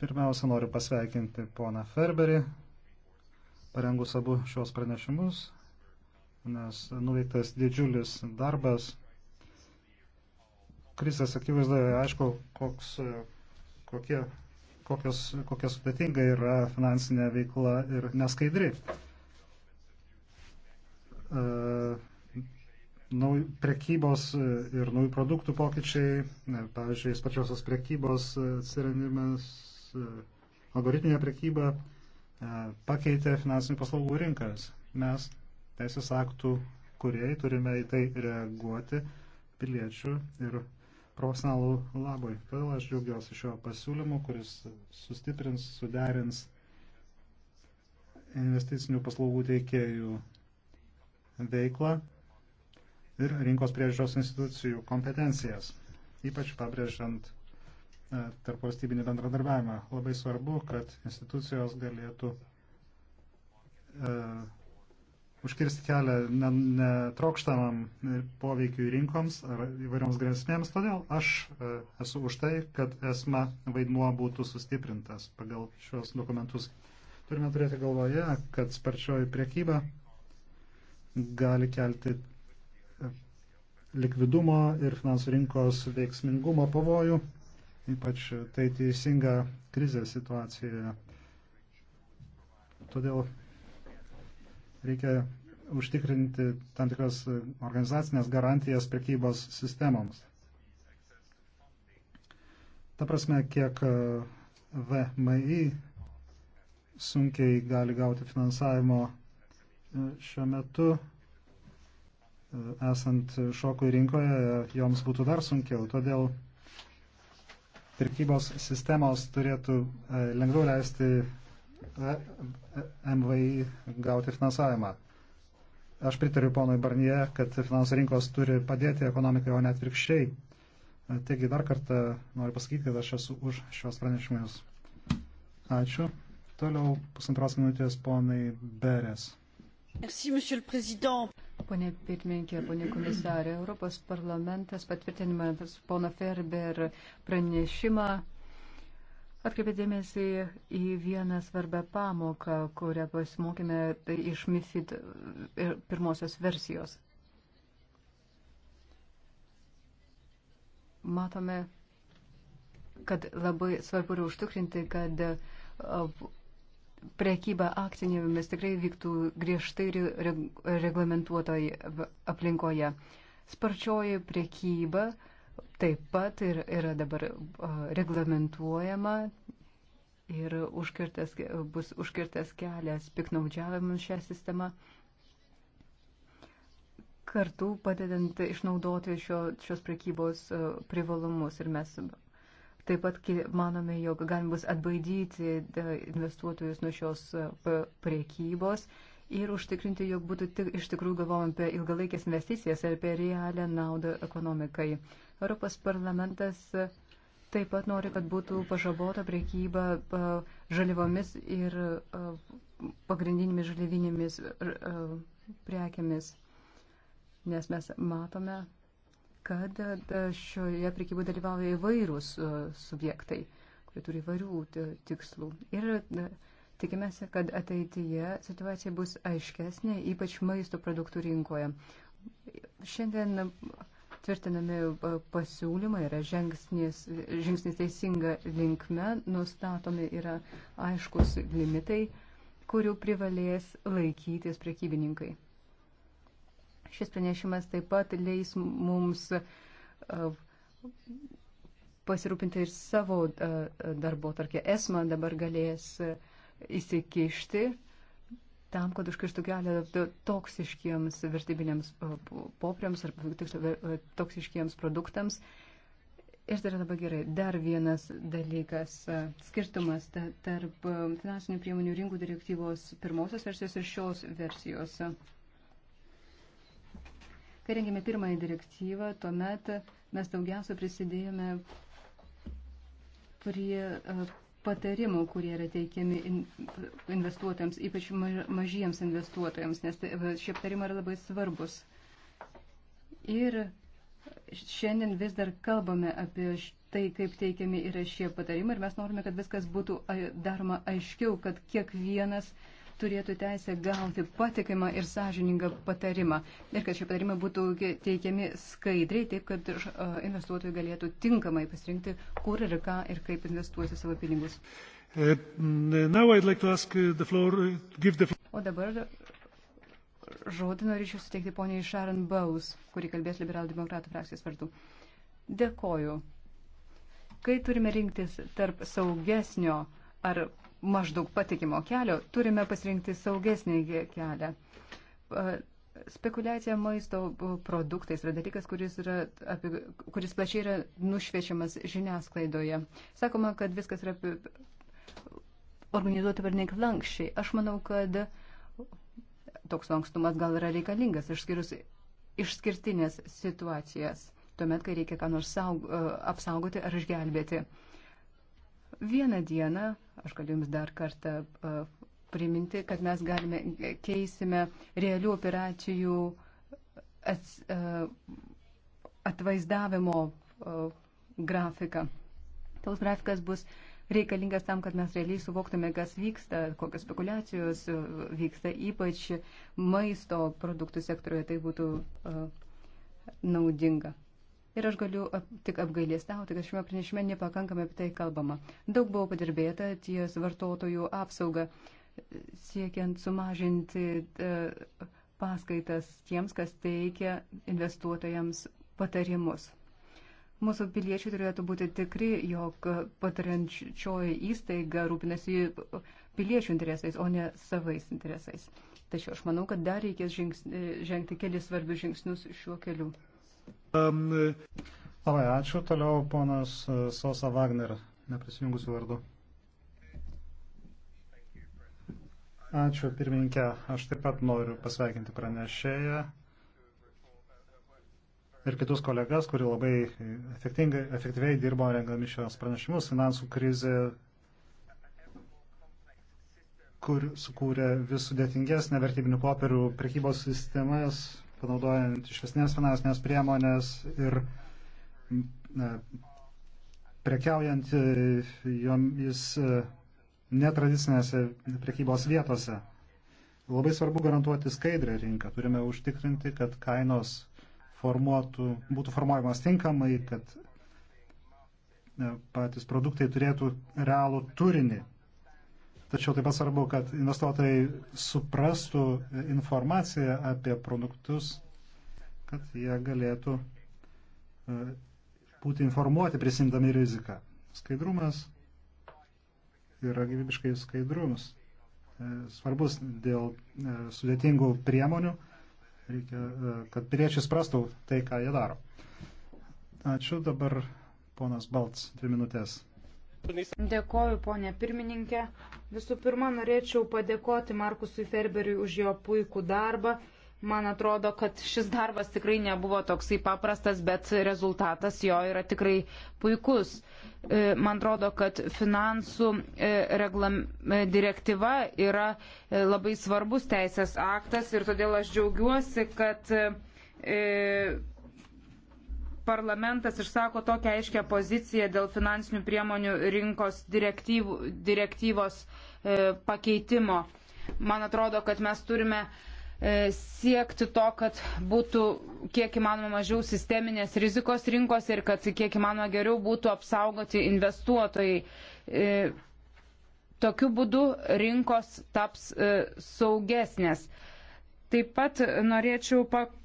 Pirmiausia, noriu pasveikinti poną Ferberį, parengus abu šios pranešimus nes nuveiktas didžiulis darbas. Krizės akivaizdoje aišku, koks, kokie, kokios, kokia sudėtinga yra finansinė veikla ir neskaidri. E, nau, prekybos ir naujų produktų pokyčiai, e, pavyzdžiui, pačiosios prekybos atsiradimas, e, algoritminė prekyba pakeitė finansinių paslaugų rinkas. Mes teisės aktų kuriai turime į tai reaguoti piliečių ir profesionalų labai. Todėl aš džiaugiuosi šio pasiūlymu, kuris sustiprins, suderins investicinių paslaugų teikėjų veiklą ir rinkos priežiūros institucijų kompetencijas, ypač pabrėžiant e, tarp valstybinį bendradarbiavimą. Labai svarbu, kad institucijos galėtų e, užkirsti kelią netrokštamam poveikiu rinkoms ar įvairioms grėsmėms. Todėl aš e, esu už tai, kad esma vaidmuo būtų sustiprintas pagal šios dokumentus. Turime turėti galvoje, kad sparčioji priekyba gali kelti e, likvidumo ir finansų rinkos veiksmingumo pavojų, ypač tai teisinga krizės situacijoje. Todėl Reikia užtikrinti tam tikras organizacinės garantijas prekybos sistemoms. Ta prasme, kiek e, VMI sunkiai gali gauti finansavimo e, šiuo metu, e, esant šokui rinkoje, joms būtų dar sunkiau. Todėl pirkybos sistemos turėtų lengviau leisti MVI gauti finansavimą. Aš pritariu ponui Barnie, kad finansų rinkos turi padėti ekonomikai, o net virkščiai. Taigi dar kartą noriu pasakyti, kad aš esu už šios pranešimus. Ačiū. Toliau pusantros minutės ponai Berės.
Merci, monsieur le président. Pone pirmininkė, pone komisarė, Europos parlamentas patvirtinimas pono Ferber pranešimą Atkreipė dėmesį į vieną svarbę pamoką, kurią pasimokėme tai iš MIFID e, pirmosios versijos. Matome, kad labai svarbu yra užtikrinti, kad prekyba akcinėmis tikrai vyktų griežtai reglamentuotoje aplinkoje. Sparčioji prekyba uh, taip pat ir, yra dabar reglamentuojama ir užkirtas, bus užkirtas kelias piknaudžiavimus šią sistemą, kartu padedant išnaudoti šio, šios prekybos privalumus. Ir mes taip pat manome, jog galima bus atbaidyti investuotojus nuo šios prekybos ir užtikrinti, jog būtų tik, iš tikrųjų galvojama apie ilgalaikės investicijas ir apie realią naudą ekonomikai. Europos parlamentas e, taip pat nori, kad būtų pažabota priekyba e, žalivomis ir e, pagrindinėmis žalivinėmis prekiamis, nes mes matome, kad šioje priekyboje dalyvauja įvairūs subjektai, kurie turi įvairių tikslų. Ir tikimėsi, kad ateityje situacija bus aiškesnė, ypač maisto produktų rinkoje. Šiandien Tvirtinami e, pasiūlymai yra žingsnis, žingsnis teisinga linkme, nustatomi yra aiškus limitai, kurių privalės laikytis prekybininkai. Šis pranešimas taip pat leis mums e, pasirūpinti ir savo e, darbo tarkė. Esma dabar galės įsikišti tam, kad užkirstų kelią toksiškiems vertybinėms popriams ar tiksliau e, toksiškiems produktams. Ir tai yra labai gerai. Dar vienas dalykas e, - skirtumas tarp e, finansinių priemonių rinkų direktyvos pirmosios versijos ir šios versijos. Kai rengėme pirmąją direktyvą, tuomet mes daugiausia prisidėjome prie patarimų, kurie yra teikiami investuotojams, ypač mažiems investuotojams, nes tai, šie patarimai yra labai svarbus. Ir šiandien vis dar kalbame apie tai, kaip teikiami yra šie patarimai ir mes norime, kad viskas būtų daroma aiškiau, kad kiekvienas uh, turėtų teisę gauti patikimą ir sąžiningą patarimą. Ir kad šie patarimai būtų teikiami skaidriai, taip kad investuotojai galėtų tinkamai pasirinkti, kur ir ką ir kaip investuoti
savo pinigus. E, uh, like floor, uh,
o dabar žodį norėčiau suteikti poniai Sharon Bowes, kuri kalbės liberalų demokratų frakcijos vardu. Dėkoju. Kai turime rinktis tarp saugesnio ar maždaug patikimo kelio, turime pasirinkti saugesnį kelią. Spekulacija maisto produktais yra dalykas, kuris, yra, apie, kuris plačiai yra nušviečiamas žiniasklaidoje. Sakoma, kad viskas yra organizuota per neik lankščiai. Aš manau, kad toks lankstumas gal yra reikalingas, išskyrus išskirtinės situacijas, tuomet, kai reikia ką nors saug, apsaugoti ar išgelbėti. Vieną dieną Aš galiu Jums dar kartą priminti, kad mes galime keisime realių operacijų ats, atvaizdavimo grafiką. Tos grafikas bus reikalingas tam, kad mes realiai suvoktume, kas vyksta, kokios spekulacijos vyksta, ypač maisto produktų sektoriuje tai būtų naudinga. Ir aš galiu ap, tik apgailėstauti, kad šiame pranešime nepakankamai apie tai kalbama. Daug buvo padirbėta ties vartotojų apsauga, siekiant sumažinti uh, paskaitas tiems, kas teikia investuotojams patarimus. Mūsų piliečiai turėtų būti tikri, jog patariančioji įstaiga rūpinasi piliečių interesais, o ne savais interesais. Tačiau aš manau, kad dar reikės žings, e, žengti kelis svarbius žingsnius šiuo keliu.
Um, Labai ačiū. Toliau ponas e, Sosa Wagner, neprisijungusiu vardu. Ačiū pirmininkė. Aš taip pat noriu pasveikinti pranešėją ir kitus kolegas, kurie labai efektingai, efektyviai dirbo rengdami šios pranešimus. Finansų krizė, kur sukūrė vis sudėtingesnę vertybinių popierių prekybos sistemas panaudojant išvesnės finansinės priemonės ir prekiaujant e, jomis e, netradicinėse prekybos vietose. Labai svarbu garantuoti skaidrę rinką. Turime užtikrinti, kad kainos formuotų, būtų formuojamas tinkamai, kad patys produktai turėtų realų turinį. Tačiau taip pat svarbu, kad investuotojai suprastų informaciją apie produktus, kad jie galėtų e, būti informuoti prisimdami riziką. Skaidrumas yra gyvybiškai skaidrumus. E, svarbus dėl e, sudėtingų priemonių, reikia, kad piliečiai suprastų tai, ką jie daro. Ačiū dabar ponas Balts, dvi minutės.
Dėkoju, ponė pirmininkė. Visų pirma, norėčiau padėkoti Markusui Ferberiui už jo puikų darbą. Man atrodo, kad šis darbas tikrai nebuvo toksai paprastas, bet rezultatas jo yra tikrai puikus. E, man atrodo, kad finansų e, reglam, e, direktyva yra labai svarbus teisės aktas ir todėl aš džiaugiuosi, kad parlamentas išsako tokią aiškę poziciją dėl finansinių priemonių rinkos direktyv, direktyvos e, pakeitimo. Man atrodo, kad mes turime e, siekti to, kad būtų kiek įmanoma mažiau sisteminės rizikos rinkos ir kad kiek įmanoma geriau būtų apsaugoti investuotojai. E, tokiu būdu rinkos taps e, saugesnės. Taip pat norėčiau pakalbėti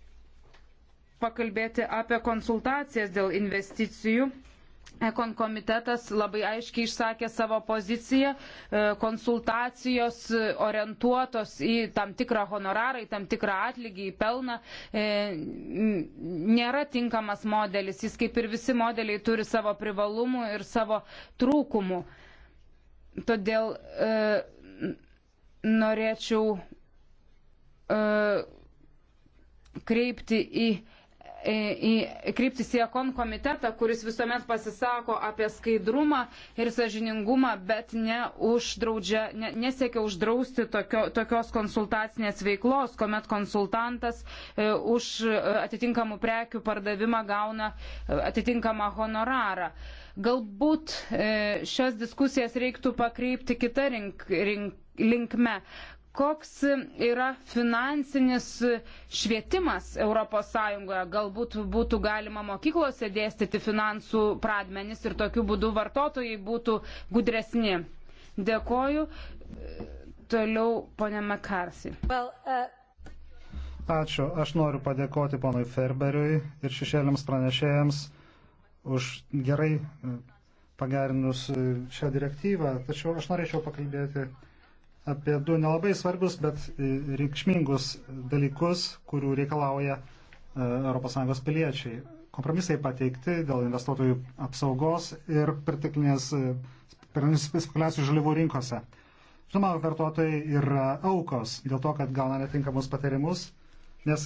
pakalbėti apie konsultacijas dėl investicijų. Ekon komitetas labai aiškiai išsakė savo poziciją, e, konsultacijos orientuotos į tam tikrą honorarą, į tam tikrą atlygį, į pelną, e, nėra tinkamas modelis. Jis kaip ir visi modeliai turi savo privalumų ir savo trūkumų. Todėl e, norėčiau kreipti į kreiptis į ekon komitetą, kuris visuomet pasisako apie skaidrumą ir sažiningumą, bet neuždraudžia, ne, nesiekia uždrausti tokio, tokios konsultacinės veiklos, kuomet konsultantas e, už e, atitinkamų prekių pardavimą gauna e, atitinkamą honorarą. Galbūt e, šias diskusijas reiktų pakreipti kitą rink, rink, linkme koks yra finansinis švietimas ES. Galbūt būtų galima mokyklose dėstyti finansų pradmenis ir tokiu būdu vartotojai būtų gudresni. Dėkoju. Toliau ponė Mekarsi.
Well, uh...
Ačiū. Aš noriu padėkoti ponui Ferberiui ir šešėliams pranešėjams už gerai uh, pagerinus uh, šią direktyvą. Tačiau aš norėčiau pakalbėti apie du nelabai svarbus, bet e, reikšmingus dalykus, kurių reikalauja e, ES piliečiai. Kompromisai pateikti dėl investuotojų apsaugos ir e, perteklinės spekuliacijų žaliavų rinkose. Žinoma, vartotojai yra aukos dėl to, kad gauna netinkamus patarimus, nes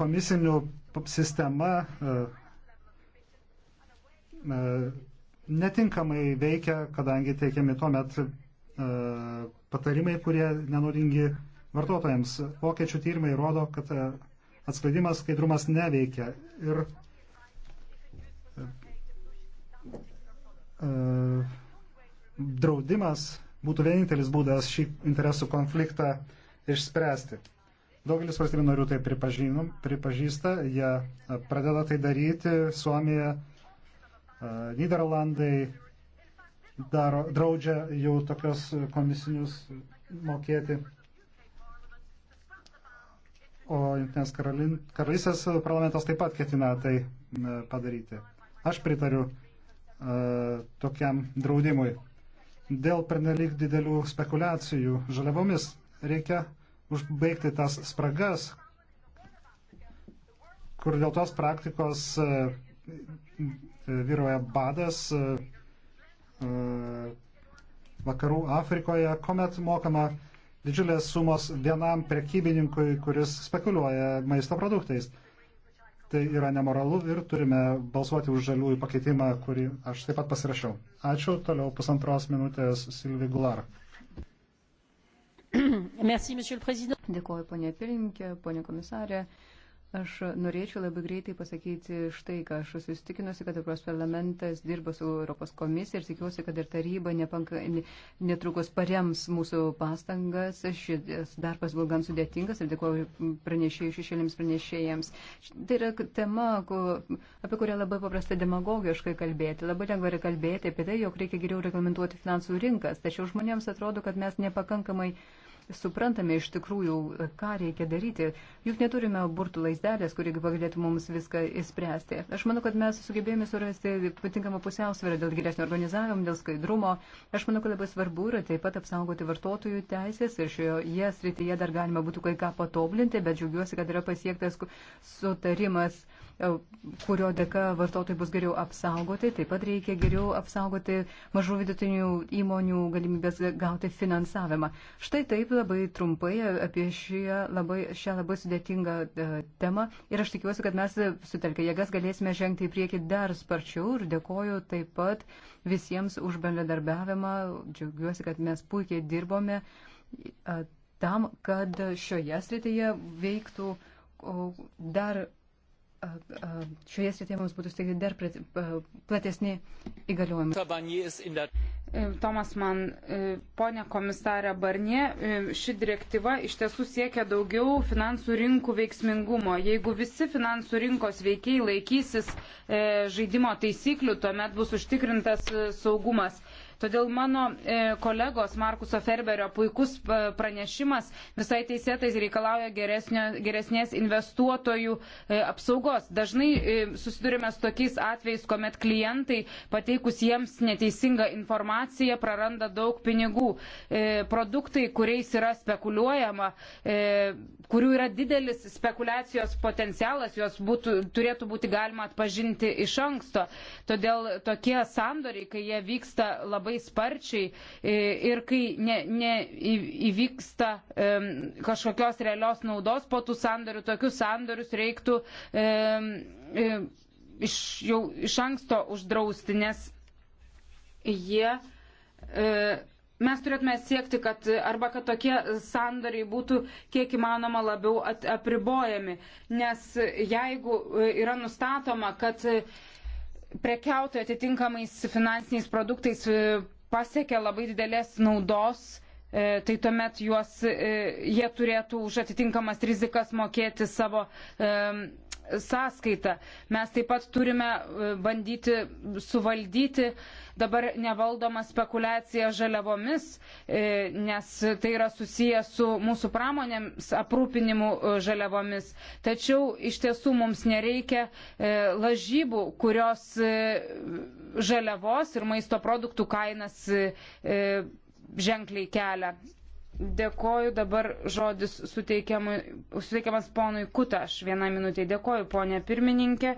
komisinių sistema netinkamai veikia, kadangi teikiami tuomet E, patarimai, kurie nenaudingi vartotojams. Vokiečių tyrimai rodo, kad e, atskleidimas, skaidrumas neveikia. Ir e, draudimas būtų vienintelis būdas šį interesų konfliktą išspręsti. Daugelis valstybių narių tai pripažįsta, jie pradeda tai daryti, Suomija, Niderlandai, daro, draudžia jau tokios komisinius mokėti. O Junktinės karalystės parlamentas taip pat ketina tai e, padaryti. Aš pritariu uh, tokiam draudimui. Dėl pernelyg didelių spekulacijų žaliavomis reikia užbaigti tas spragas, kur dėl tos praktikos uh, vyroja badas, uh, E, vakarų Afrikoje, kuomet mokama didžiulės sumos vienam prekybininkui, kuris spekuliuoja maisto produktais. Tai yra nemoralu ir turime balsuoti už žaliųjų pakeitimą, kurį aš taip pat pasirašiau. Ačiū. Toliau pusantros minutės Silvi Gular.
Merci, Dėkuoju, ponė pirmininkė, ponė komisarė. Aš norėčiau labai greitai pasakyti štai, ką aš susitikinusi, kad Europos parlamentas dirba su Europos komisija ir tikiuosi, kad ir taryba nepanka, netrukus parems mūsų pastangas. Šis darbas buvo gan sudėtingas ir dėkuoju pranešėjų šešėlėms pranešėjams. Tai yra tema, ku, apie kurią labai paprasta demagogiškai kalbėti. Labai lengva yra kalbėti apie tai, jog reikia geriau reglamentuoti finansų rinkas. Tačiau žmonėms atrodo, kad mes nepakankamai suprantame iš tikrųjų, ką reikia daryti. Juk neturime burtų laizdelės, kuri galėtų mums viską įspręsti. Aš manau, kad mes sugebėjome surasti patinkamą pusiausvyrą dėl geresnio organizavimo, dėl skaidrumo. Aš manau, kad labai svarbu yra taip pat apsaugoti vartotojų teisės ir šioje srityje dar galima būtų kai ką patoblinti, bet džiaugiuosi, kad yra pasiektas sutarimas. So E, kurio dėka vartotojai bus geriau apsaugoti. Taip pat reikia geriau apsaugoti mažų vidutinių įmonių galimybės gauti finansavimą. Štai taip labai trumpai apie šią labai, šią labai sudėtingą e, temą ir aš tikiuosi, kad mes sutelkę jėgas galėsime žengti į priekį dar sparčiau ir dėkoju taip pat visiems už bendradarbiavimą. Džiaugiuosi, kad mes puikiai dirbome e, tam, kad šioje srityje veiktų dar
šioje srityje mums būtų steigti dar platesni
įgaliojimai.
E, Tomas man, e, ponė komisarė Barnie, e, ši direktyva iš tiesų siekia daugiau finansų rinkų veiksmingumo. Jeigu visi finansų rinkos veikiai laikysis žaidimo taisyklių, tuomet bus užtikrintas saugumas. Todėl mano e, kolegos Markuso Ferberio puikus e, pranešimas visai teisėtais reikalauja geresnio, geresnės investuotojų e, apsaugos. Dažnai susidurime su tokiais atvejais, kuomet klientai pateikus jiems neteisingą informaciją praranda daug pinigų. Produktai, kuriais yra spekuliuojama, kurių yra didelis spekulacijos potencialas, jos būtų, turėtų būti galima atpažinti iš anksto. Todėl tokie sandoriai, kai jie vyksta labai labai sparčiai e, ir kai ne, ne įvyksta kažkokios realios naudos po tų sandorių, tokius sandorius reiktų e, iš, jau iš anksto uždrausti, nes jie. E, mes turėtume siekti, kad arba kad tokie sandoriai būtų kiek įmanoma labiau at, apribojami, nes jeigu yra nustatoma, kad prekiautojai atitinkamais finansiniais produktais e, pasiekia labai didelės naudos, e, tai tuomet juos, e, jie turėtų už atitinkamas rizikas mokėti savo sąskaita. Mes taip pat turime e, bandyti suvaldyti dabar nevaldomą spekulaciją žaliavomis, e, nes tai yra susiję su mūsų pramonėms aprūpinimu e, žaliavomis. Tačiau iš tiesų mums nereikia lažybų, kurios žaliavos ir maisto produktų kainas ženkliai kelia. Dėkoju dabar žodis suteikiamas ponui Kutaš. Vieną minutę dėkoju, ponė pirmininkė.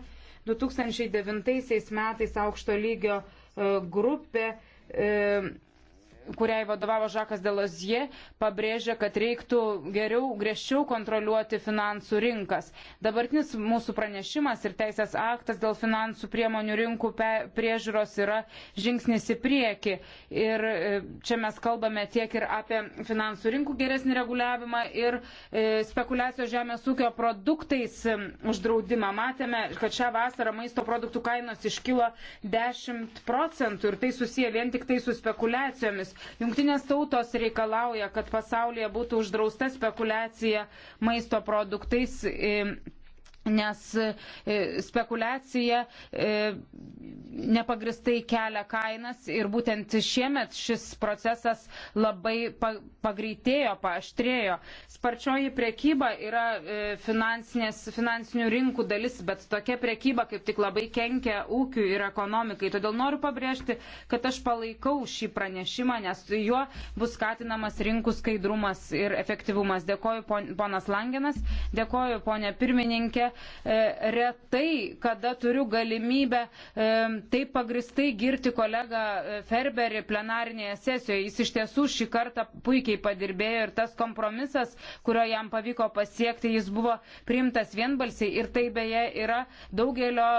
2009 metais aukšto lygio e, grupė e, kuriai vadovavo Žakas Delozie, pabrėžė, kad reiktų geriau, griežčiau kontroliuoti finansų rinkas. Dabartinis mūsų pranešimas ir teisės aktas dėl finansų priemonių rinkų priežiūros yra žingsnis į priekį. Ir e, čia mes kalbame tiek ir apie finansų rinkų geresnį reguliavimą ir e, spekulacijos žemės ūkio produktais e, uždraudimą. Matėme, kad šią vasarą maisto produktų kainos iškilo 10 procentų ir tai susiję vien tik tai su spekulacijomis poveikis. Junktinės tautos reikalauja, kad pasaulyje būtų uždrausta spekulacija maisto produktais. E, nes e, spekulacija e, nepagristai kelia kainas ir būtent šiemet šis procesas labai pagreitėjo, paaštrėjo. Sparčioji prekyba yra e, finansinių rinkų dalis, bet tokia prekyba kaip tik labai kenkia ūkiui ir ekonomikai. Todėl noriu pabrėžti, kad aš palaikau šį pranešimą, nes juo bus skatinamas rinkų skaidrumas ir efektyvumas. Dėkoju ponas Langenas, dėkoju ponė pirmininkė E, retai, kada turiu galimybę e, taip pagristai girti kolegą e, Ferberį plenarinėje sesijoje. Jis iš tiesų šį kartą puikiai padirbėjo ir tas kompromisas, kurio jam pavyko pasiekti, jis buvo priimtas vienbalsiai ir tai beje yra daugelio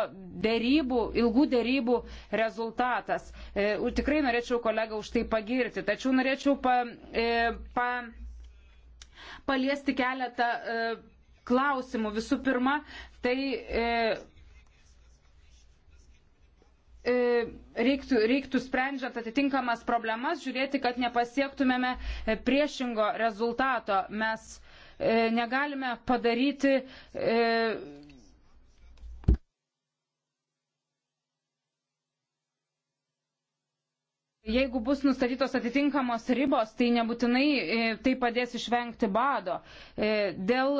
dėrybų, ilgų dėrybų rezultatas. Tikrai norėčiau kolegą už tai pagirti, tačiau norėčiau pa, pa, paliesti keletą klausimų. Visų pirma, tai e, e, reiktų, reiktų sprendžiant atitinkamas problemas žiūrėti, kad nepasiektumėme e, priešingo rezultato. Mes e, negalime padaryti. E, Jeigu bus nustatytos atitinkamos ribos, tai nebūtinai e, tai padės išvengti bado. E, dėl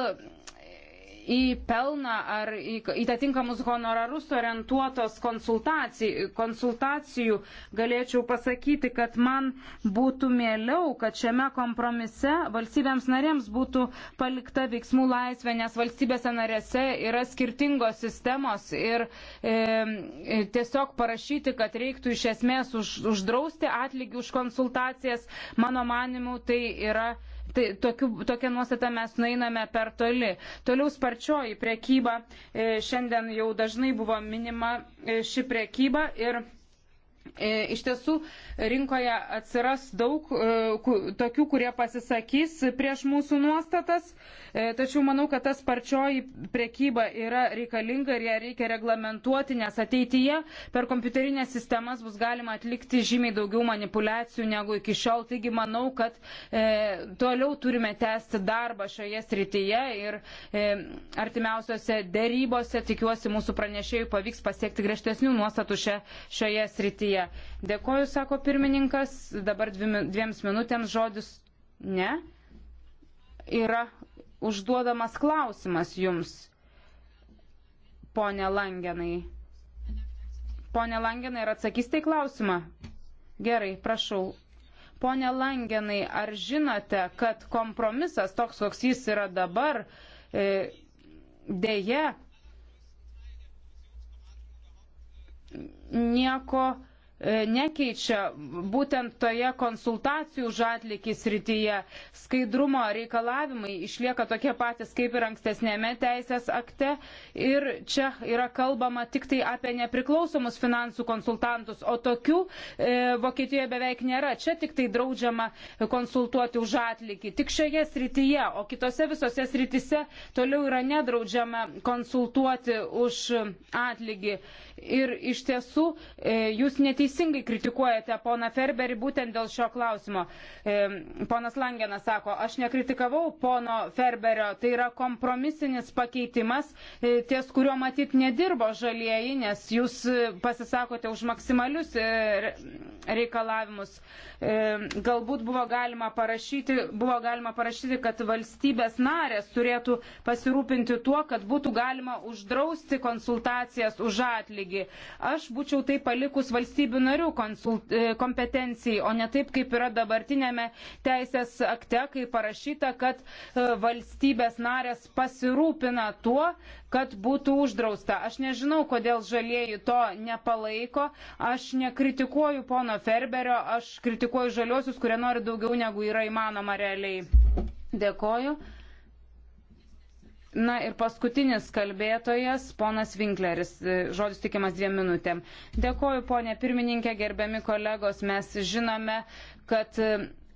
į pelną ar į, į atitinkamus honorarus orientuotos konsultacijų, konsultacijų, galėčiau pasakyti, kad man būtų mėliau, kad šiame kompromise valstybėms narėms būtų palikta veiksmų laisvė, nes valstybėse narėse yra skirtingos sistemos ir e, e tiesiog parašyti, kad reiktų iš esmės už, uždrausti atlygį už konsultacijas, mano manimu, tai yra Tai tokiu, tokia nuostata mes nueiname per toli. Toliau sparčioji prekyba. E, šiandien jau dažnai buvo minima e, ši prekyba ir E, iš tiesų, rinkoje atsiras daug e, tokių, kurie pasisakys prieš mūsų nuostatas, e, tačiau manau, kad ta sparčioji prekyba yra reikalinga ir ją reikia reglamentuoti, nes ateityje per kompiuterinės sistemas bus galima atlikti žymiai daugiau manipulacijų negu iki šiol. Taigi manau, kad e, toliau turime tęsti darbą šioje srityje ir e, artimiausiose dėrybose, tikiuosi, mūsų pranešėjų pavyks pasiekti griežtesnių nuostatų šioje srityje srityje. Dėkoju, sako pirmininkas, dabar dviems minutėms žodis ne. Yra užduodamas klausimas jums, ponė Langenai. Pone Langenai, ar atsakysite į klausimą? Gerai, prašau. Pone Langenai, ar žinote, kad kompromisas toks, koks jis yra dabar, e, dėje nieko E, nekeičia būtent toje konsultacijų žatlikis rytyje. Skaidrumo reikalavimai išlieka tokie patys kaip ir ankstesnėme teisės akte ir čia yra kalbama tik tai apie nepriklausomus finansų konsultantus, o tokių e, Vokietijoje beveik nėra. Čia tik tai draudžiama konsultuoti už atlikį. Tik šioje srityje, o kitose visose srityse toliau yra nedraudžiama konsultuoti už atlygį. Ir iš tiesų e, jūs neteisėtai teisingai kritikuojate poną Ferberį būtent dėl šio klausimo. E, ponas Langenas sako, aš nekritikavau pono Ferberio, tai yra kompromisinis pakeitimas, e, ties kurio matyt nedirbo žalieji, nes jūs e, pasisakote už maksimalius reikalavimus. Galbūt buvo galima parašyti, buvo galima parašyti kad valstybės narės turėtų pasirūpinti tuo, kad būtų galima uždrausti konsultacijas už atlygį. Aš būčiau tai palikus valstybių valstybių narių konsult, e, kompetencijai, o ne taip, kaip yra dabartinėme teisės akte, kai parašyta, kad e, valstybės narės pasirūpina tuo, kad būtų uždrausta. Aš nežinau, kodėl žalieji to nepalaiko. Aš nekritikuoju pono Ferberio, aš kritikuoju žaliosius, kurie nori daugiau negu yra įmanoma realiai. Dėkoju. Na ir paskutinis kalbėtojas, ponas Winkleris, e, žodis tikimas dviem minutėm. Dėkoju, ponė pirmininkė, gerbiami kolegos, mes žinome, kad e,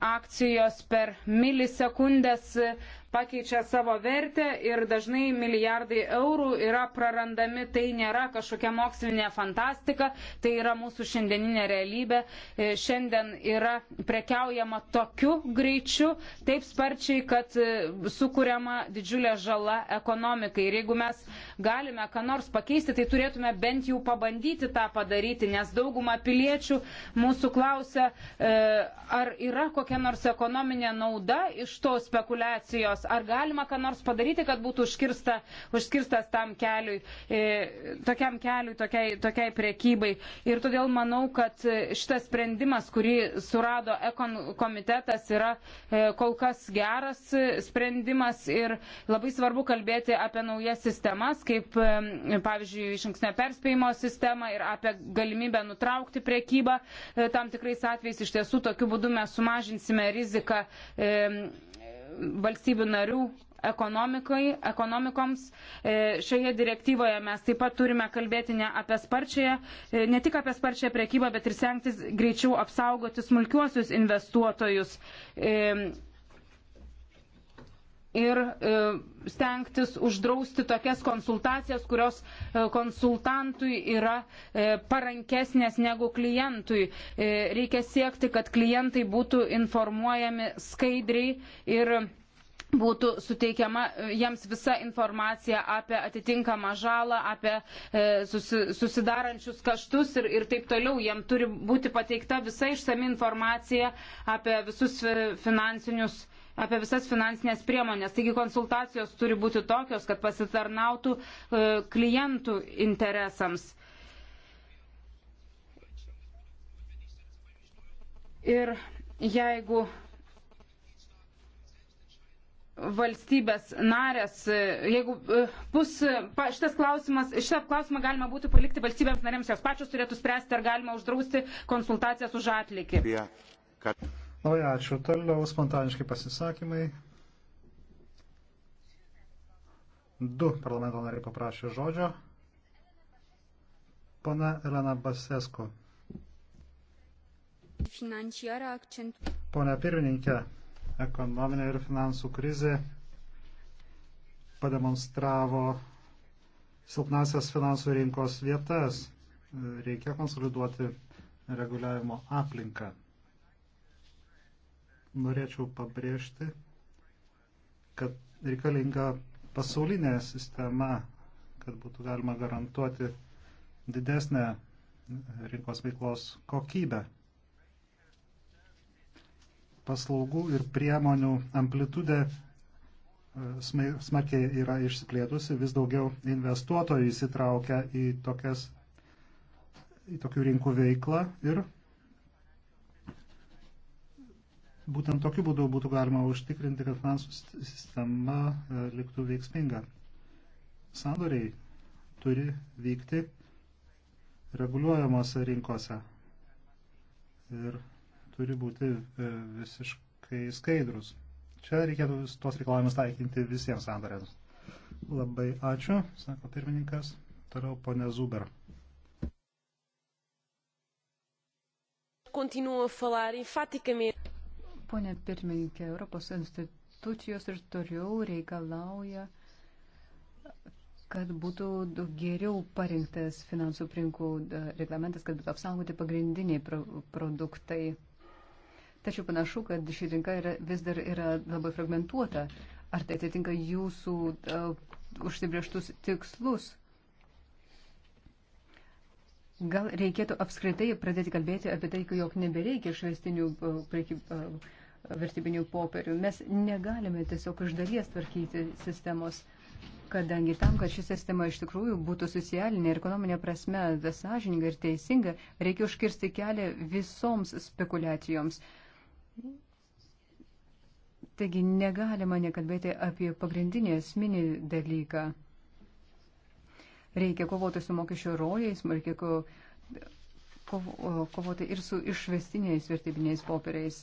akcijos per milisekundės pakeičia savo vertę ir dažnai milijardai eurų yra prarandami. Tai nėra kažkokia mokslinė fantastika, tai yra mūsų šiandieninė realybė. E, šiandien yra prekiaujama tokiu greičiu, taip sparčiai, kad e, sukūriama didžiulė žala ekonomikai. Ir jeigu mes galime ką nors pakeisti, tai turėtume bent jau pabandyti tą padaryti, nes dauguma piliečių mūsų klausia, e, ar yra kokia nors ekonominė nauda iš to spekulacijos, Europos. Ar galima ką nors padaryti, kad būtų užkirsta, užkirstas tam keliui, e, tokiam keliui, tokiai, tokiai priekybai. Ir todėl manau, kad šitas sprendimas, kurį surado ekon komitetas, yra e, kol kas geras sprendimas ir labai svarbu kalbėti apie naujas sistemas, kaip e, pavyzdžiui iš anksnio perspėjimo sistemą ir apie galimybę nutraukti priekybą. Tam tikrais atvejais iš tiesų tokiu būdu mes sumažinsime riziką valstybių narių ekonomikoms. E, šioje direktyvoje mes taip pat turime kalbėti ne, apie sparčią, e, ne tik apie sparčią priekybą, bet ir stengtis greičiau apsaugoti smulkiuosius investuotojus. E, ir e, stengtis uždrausti tokias konsultacijas, kurios e, konsultantui yra e, parankesnės negu klientui. Reikia siekti, kad klientai būtų informuojami skaidriai ir būtų suteikiama jiems visa informacija apie atitinkamą žalą, apie susidarančius kaštus ir, ir taip toliau. Jiems turi būti pateikta visa išsami informacija apie visus finansinius apie visas finansinės priemonės. Taigi konsultacijos turi būti tokios, kad pasitarnautų e, klientų interesams. Ir jeigu valstybės narės, e, jeigu e, bus, šitas klausimas, šitą klausimą galima būtų palikti valstybėms narėms, jos pačios turėtų spręsti, ar galima uždrausti konsultacijas už
atlikį. Kad... Labai ačiū. Toliau spontaniškai pasisakymai. Du parlamento nariai paprašė žodžio. Pana Elena Basesko. Pone pirmininkė, ekonominė ir finansų krizė pademonstravo silpnasias finansų rinkos vietas. Reikia konsoliduoti reguliavimo aplinką norėčiau pabrėžti, kad reikalinga pasaulinė sistema, kad būtų galima garantuoti didesnę rinkos veiklos kokybę. Paslaugų ir priemonių amplitudė e, smarkiai yra išsiplėtusi, vis daugiau investuotojų įsitraukia į, tokias, į tokių rinkų veiklą ir Būtent tokiu būdu būtų galima užtikrinti, kad finansų sistema e, liktų veiksminga. Sandoriai turi vykti reguliuojamose rinkose ir turi būti e, visiškai skaidrus. Čia reikėtų tuos reikalavimus taikinti visiems sandoriams. Labai ačiū, sako pirmininkas. Toliau ponė Zuber.
Continuo a falar enfaticamente.
Pone pirmininkė, Europos institucijos ir toliau reikalauja, kad būtų geriau parinktas finansų prinkų reglamentas, kad būtų apsaugoti pagrindiniai pro produktai. Tačiau panašu, kad ši rinka yra, vis dar yra labai fragmentuota. Ar tai atitinka jūsų uh, užsibrieštus tikslus? Gal reikėtų apskritai pradėti kalbėti apie tai, jog nebereikia išvestinių uh, prekyb, uh, vertybinių popierių. Mes negalime tiesiog iš dalies tvarkyti sistemos, kadangi tam, kad ši sistema iš tikrųjų būtų socialinė ir ekonominė prasme sąžininga ir teisinga, reikia užkirsti kelią visoms spekulacijoms. Taigi negalima nekalbėti apie pagrindinį esminį dalyką. Reikia kovoti su mokesčio rojais, reikia kovoti ir su išvestiniais vertybiniais popieriais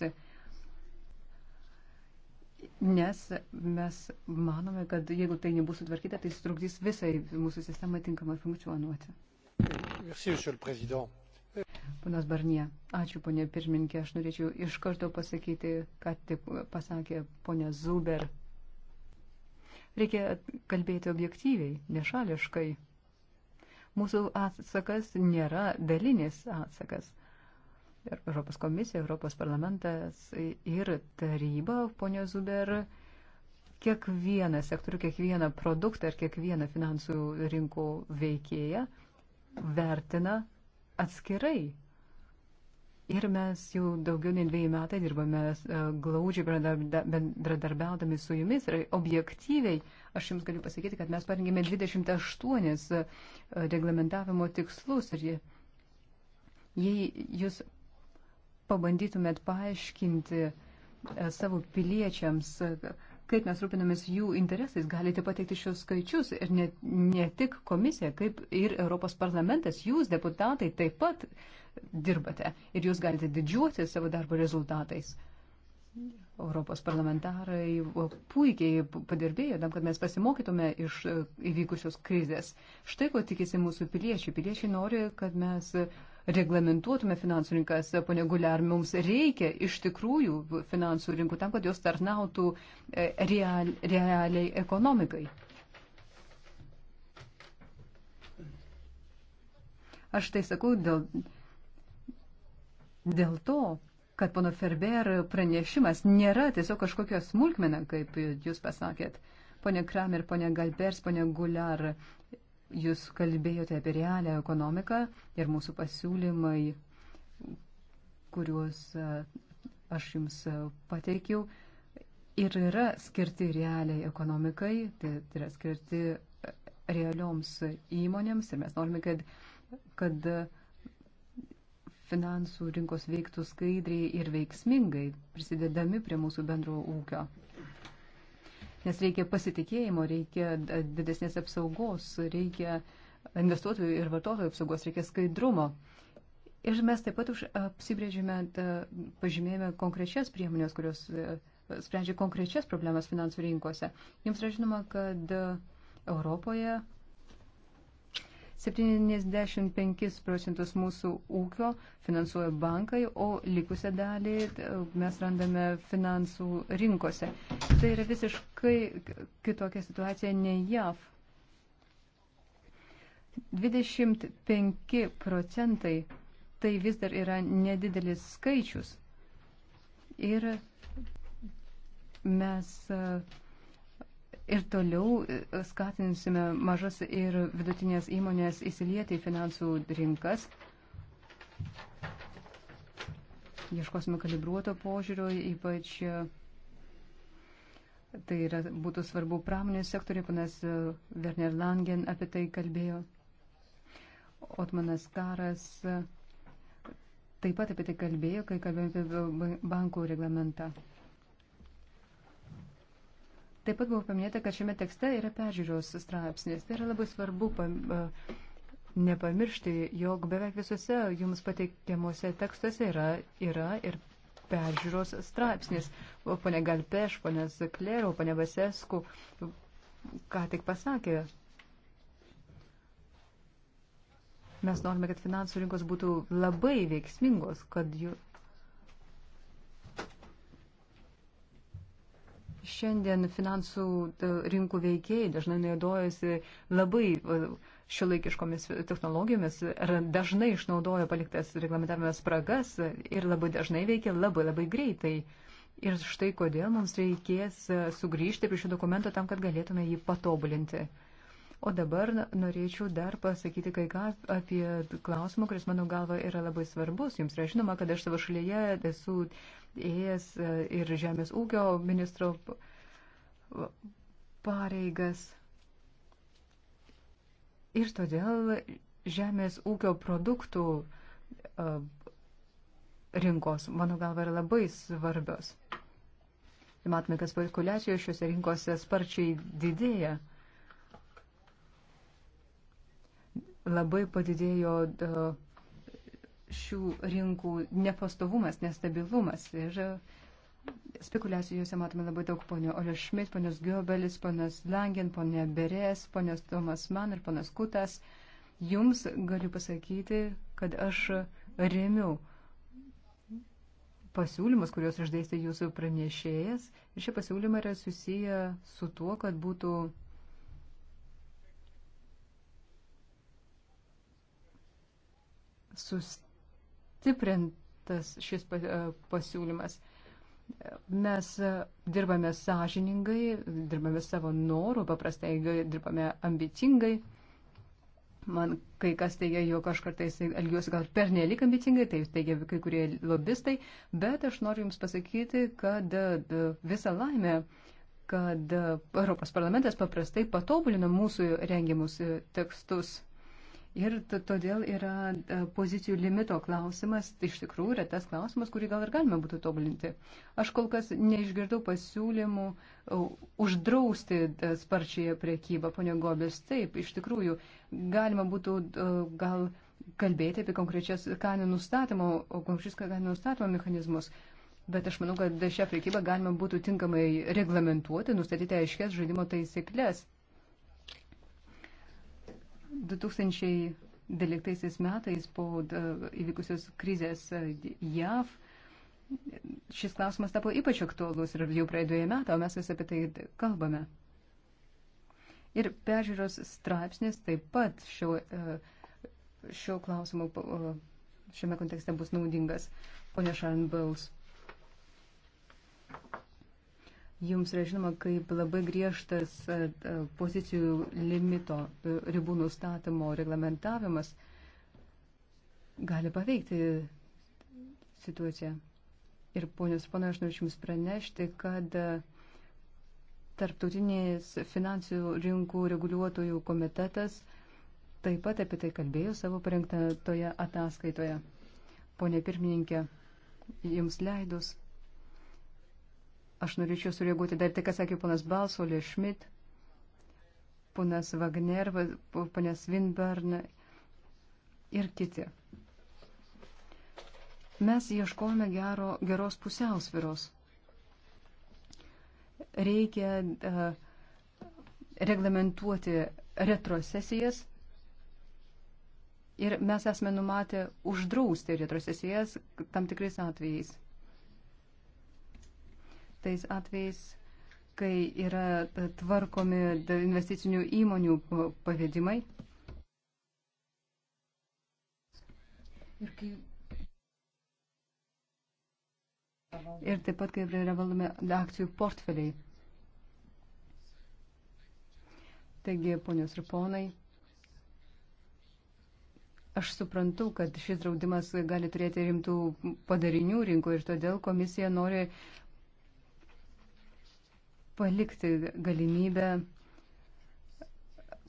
nes mes manome, kad jeigu tai nebus sutvarkyta, tai sutrukdys visai mūsų sistemai tinkamai funkcionuoti. Merci, Panas Barnie, ačiū ponė pirmininkė, aš norėčiau iš karto pasakyti, ką tik pasakė ponė Zuber. Reikia kalbėti objektyviai, nešališkai. Mūsų atsakas nėra dalinis atsakas. Europos komisija, Europos parlamentas ir taryba, ponio Zuber, kiekvieną sektorių, kiekvieną produktą ir kiekvieną finansų rinkų veikėją vertina atskirai. Ir mes jau daugiau nei dviejų metai dirbame e, glaudžiai bendradarbiaudami su jumis ir objektyviai aš jums galiu pasakyti, kad mes parengėme 28 e, reglamentavimo tikslus ir jei jūs pabandytumėt paaiškinti e, savo piliečiams, kaip mes rūpinamės jų interesais, galite pateikti šios skaičius ir ne, ne tik komisija, kaip ir Europos parlamentas, jūs deputatai taip pat dirbate ir jūs galite didžiuoti savo darbo rezultatais. Europos parlamentarai puikiai padirbėjo tam, kad mes pasimokytume iš e, įvykusios krizės. Štai ko tikisi mūsų piliečiai. Piliečiai nori, kad mes reglamentuotume finansų rinkas, ponė Guliar, mums reikia iš tikrųjų finansų rinkų tam, kad jos tarnautų e, real, realiai ekonomikai. Aš tai sakau dėl, dėl to, kad pono Ferber pranešimas nėra tiesiog kažkokia smulkmena, kaip jūs pasakėt. Pone Kramer, pone Galbers, pone Gular, Jūs kalbėjote apie realią ekonomiką ir mūsų pasiūlymai, kuriuos aš jums pateikiau, ir yra skirti realiai ekonomikai, tai yra skirti realioms įmonėms ir mes norime, kad, kad finansų rinkos veiktų skaidriai ir veiksmingai, prisidedami prie mūsų bendro ūkio nes reikia pasitikėjimo, reikia didesnės apsaugos, reikia investuotojų ir vartotojų apsaugos, reikia skaidrumo. Ir mes taip pat už apsibrėžime, pažymėjome konkrečias priemonės, kurios e, sprendžia konkrečias problemas finansų rinkose. Jums yra žinoma, kad e, Europoje 75 procentus mūsų ūkio finansuoja bankai, o likusią dalį mes randame finansų rinkose. Tai yra visiškai kitokia situacija nei JAV. 25 procentai tai vis dar yra nedidelis skaičius. Ir mes uh, Ir toliau e, skatinsime mažas ir vidutinės įmonės įsilieti į finansų rinkas. Ieškosime kalibruoto požiūrio, ypač e, tai yra, būtų svarbu pramonės sektoriai, panas e, Werner Langen apie tai kalbėjo. Otmanas Karas taip pat apie tai kalbėjo, kai kalbėjome apie bankų reglamentą. Taip pat buvo paminėta, kad šiame tekste yra peržiūros straipsnis. Tai yra labai svarbu pam, nepamiršti, jog beveik visuose jums pateikiamuose tekstuose yra, yra ir peržiūros straipsnis. Pane Galpeš, pane Zaklero, pane Vasesku, ką tik pasakė. Mes norime, kad finansų rinkos būtų labai veiksmingos, kad jų. Jų Šiandien finansų e, rinkų veikėjai dažnai naudojasi labai e, šiuolaikiškomis technologijomis ir dažnai išnaudoja paliktas reglamentavimo spragas ir labai dažnai veikia labai labai greitai. Ir štai kodėl mums reikės e, sugrįžti prie šio dokumento tam, kad galėtume jį patobulinti. O dabar norėčiau dar pasakyti kai ką apie klausimą, kuris mano galva yra labai svarbus. Jums yra žinoma, kad aš savo šalyje esu ėjęs e, ir žemės ūkio ministro pareigas. Ir todėl žemės ūkio produktų e, rinkos, mano galva, yra labai svarbios. Matome, kad spekuliacijos šiuose rinkose sparčiai didėja. labai padidėjo e, šių rinkų nepastovumas, nestabilumas. Ir e, spekulacijose matome labai daug ponio Olio Šmit, ponios Gobelis, ponios Langen, ponio Berės, ponios Tomas Man ir ponios Kutas. Jums galiu pasakyti, kad aš remiu pasiūlymus, kuriuos išdėstė jūsų pranešėjas. Ir šie pasiūlymai yra susiję su tuo, kad būtų sustiprintas šis e, pasiūlymas. Mes dirbame sąžiningai, dirbame savo norų, paprastai dirbame ambicingai. Man kai kas teigia, jog aš kartais elgiuosi gal pernelik ambicingai, tai teigia kai kurie lobistai, bet aš noriu Jums pasakyti, kad e, visą laimę, kad Europos parlamentas paprastai patobulina mūsų rengiamus e, tekstus. Ir todėl yra e, pozicijų limito klausimas, tai iš tikrųjų yra tas klausimas, kurį gal ir galima būtų tobulinti. Aš kol kas neišgirdau pasiūlymų e, uždrausti e, sparčiąją priekybą, ponio Gobės. Taip, iš tikrųjų, galima būtų gal kalbėti apie konkrečias kainų nustatymo, konkrečius kainų nustatymo mechanizmus. Bet aš manau, kad šią priekybą galima būtų tinkamai reglamentuoti, nustatyti aiškės žaidimo taisyklės. 2012 metais po e, įvykusios krizės e, JAV šis klausimas tapo ypač aktuolus ir jau praėdėjo metą, o mes vis apie tai kalbame. Ir peržiūros straipsnis taip pat šio, e, šio klausimo šiame kontekste bus naudingas, ponia Sharon Bowles jums yra žinoma kaip labai griežtas e, e, pozicijų limito e, ribų nustatymo reglamentavimas gali paveikti situaciją. Ir ponios ponai, aš noriu Jums pranešti, kad Tarptautinės finansijų rinkų reguliuotojų komitetas taip pat apie tai kalbėjo savo parengtoje ataskaitoje. Pone pirmininkė, Jums leidus Aš norėčiau sureaguoti dar tai, ką sakė ponas Balsolė, Šmit, ponas Wagner, ponas Winburn ir kiti. Mes ieškojame gero, geros pusiausviros. Reikia uh, reglamentuoti retrosesijas ir mes esame numatę uždrausti retrosesijas tam tikrais atvejais tais atvejais, kai yra tvarkomi investicinių įmonių pavedimai. Ir, kai... ir taip pat, kai yra valdomi akcijų portfeliai. Taigi, ponios ir ponai, Aš suprantu, kad šis draudimas gali turėti rimtų padarinių rinkoje ir todėl komisija nori palikti galimybę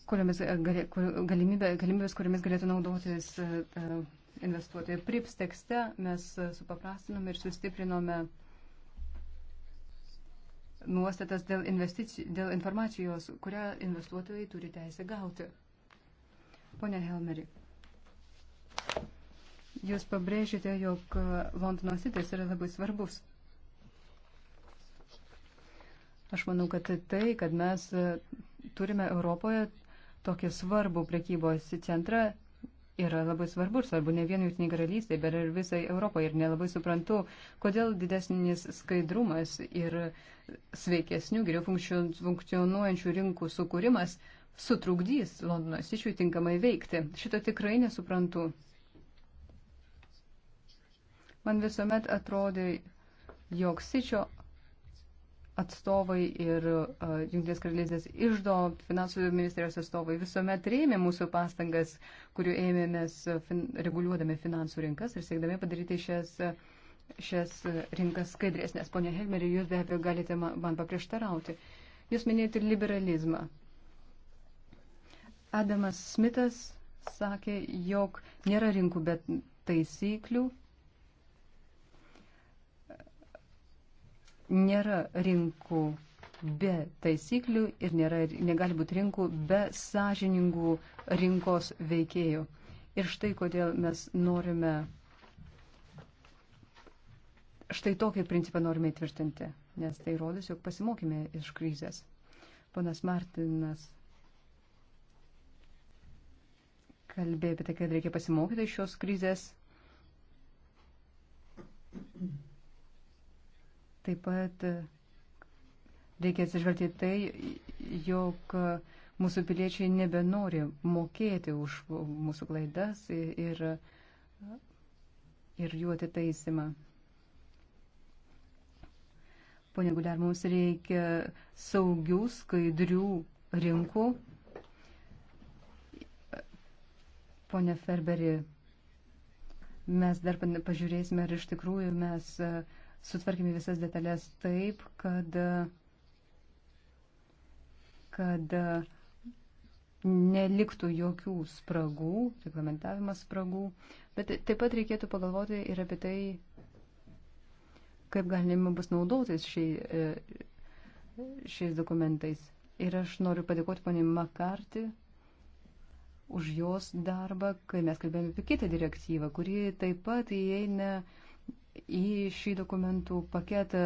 kuriomis, e, gali, galimybė, galimybės, kuriomis galėtų naudotis e, e, investuotojai. Prips tekste mes supaprastinome ir sustiprinome nuostatas dėl, dėl informacijos, kurią investuotojai turi teisę gauti. Pone Helmeri, jūs pabrėžite, jog Londono sitis yra labai svarbus Aš manau, kad tai, kad mes e, turime Europoje tokį svarbų prekybos centrą, yra labai svarbu ir svarbu ne vien Jūtiniai karalystėje, bet ir visai Europoje. Ir nelabai suprantu, kodėl didesnis skaidrumas ir sveikesnių, geriau funkcionuojančių rinkų sukūrimas sutrukdys Londono sičiui tinkamai veikti. Šito tikrai nesuprantu. Man visuomet atrodė, jog sičio atstovai ir uh, Junktinės karalystės išdo finansų ministerijos atstovai visuomet rėmė mūsų pastangas, kurių ėmėmės fin, reguliuodami finansų rinkas ir siekdami padaryti šias, šias rinkas skaidresnės. Pone Helmeri, jūs be abejo galite man, man paprieštarauti. Jūs minėjote liberalizmą. Adamas Smithas sakė, jog nėra rinkų, bet taisyklių Nėra rinkų be taisyklių ir nėra, negali būti rinkų be sąžiningų rinkos veikėjų. Ir štai kodėl mes norime, štai tokį principą norime įtvirtinti, nes tai rodys, jog pasimokime iš krizės. Ponas Martinas kalbėjo apie tai, kad reikia pasimokyti iš šios krizės Taip pat reikia atsižvelgti tai, jog mūsų piliečiai nebenori mokėti už mūsų klaidas ir, ir jų atitaisimą. Pone Guliar, mums reikia saugių, skaidrių rinkų. Pone Ferberi, mes dar pažiūrėsime, ar iš tikrųjų mes uh, sutvarkėme visas detalės taip, kad, kad neliktų jokių spragų, reglamentavimas spragų, bet taip pat reikėtų pagalvoti ir apie tai, kaip galima bus naudotis šiai, e, šiais dokumentais. Ir aš noriu padėkoti poniai Makarti už jos darbą, kai mes kalbėjome apie kitą direktyvą, kuri taip pat įeina uh, į šį dokumentų paketą,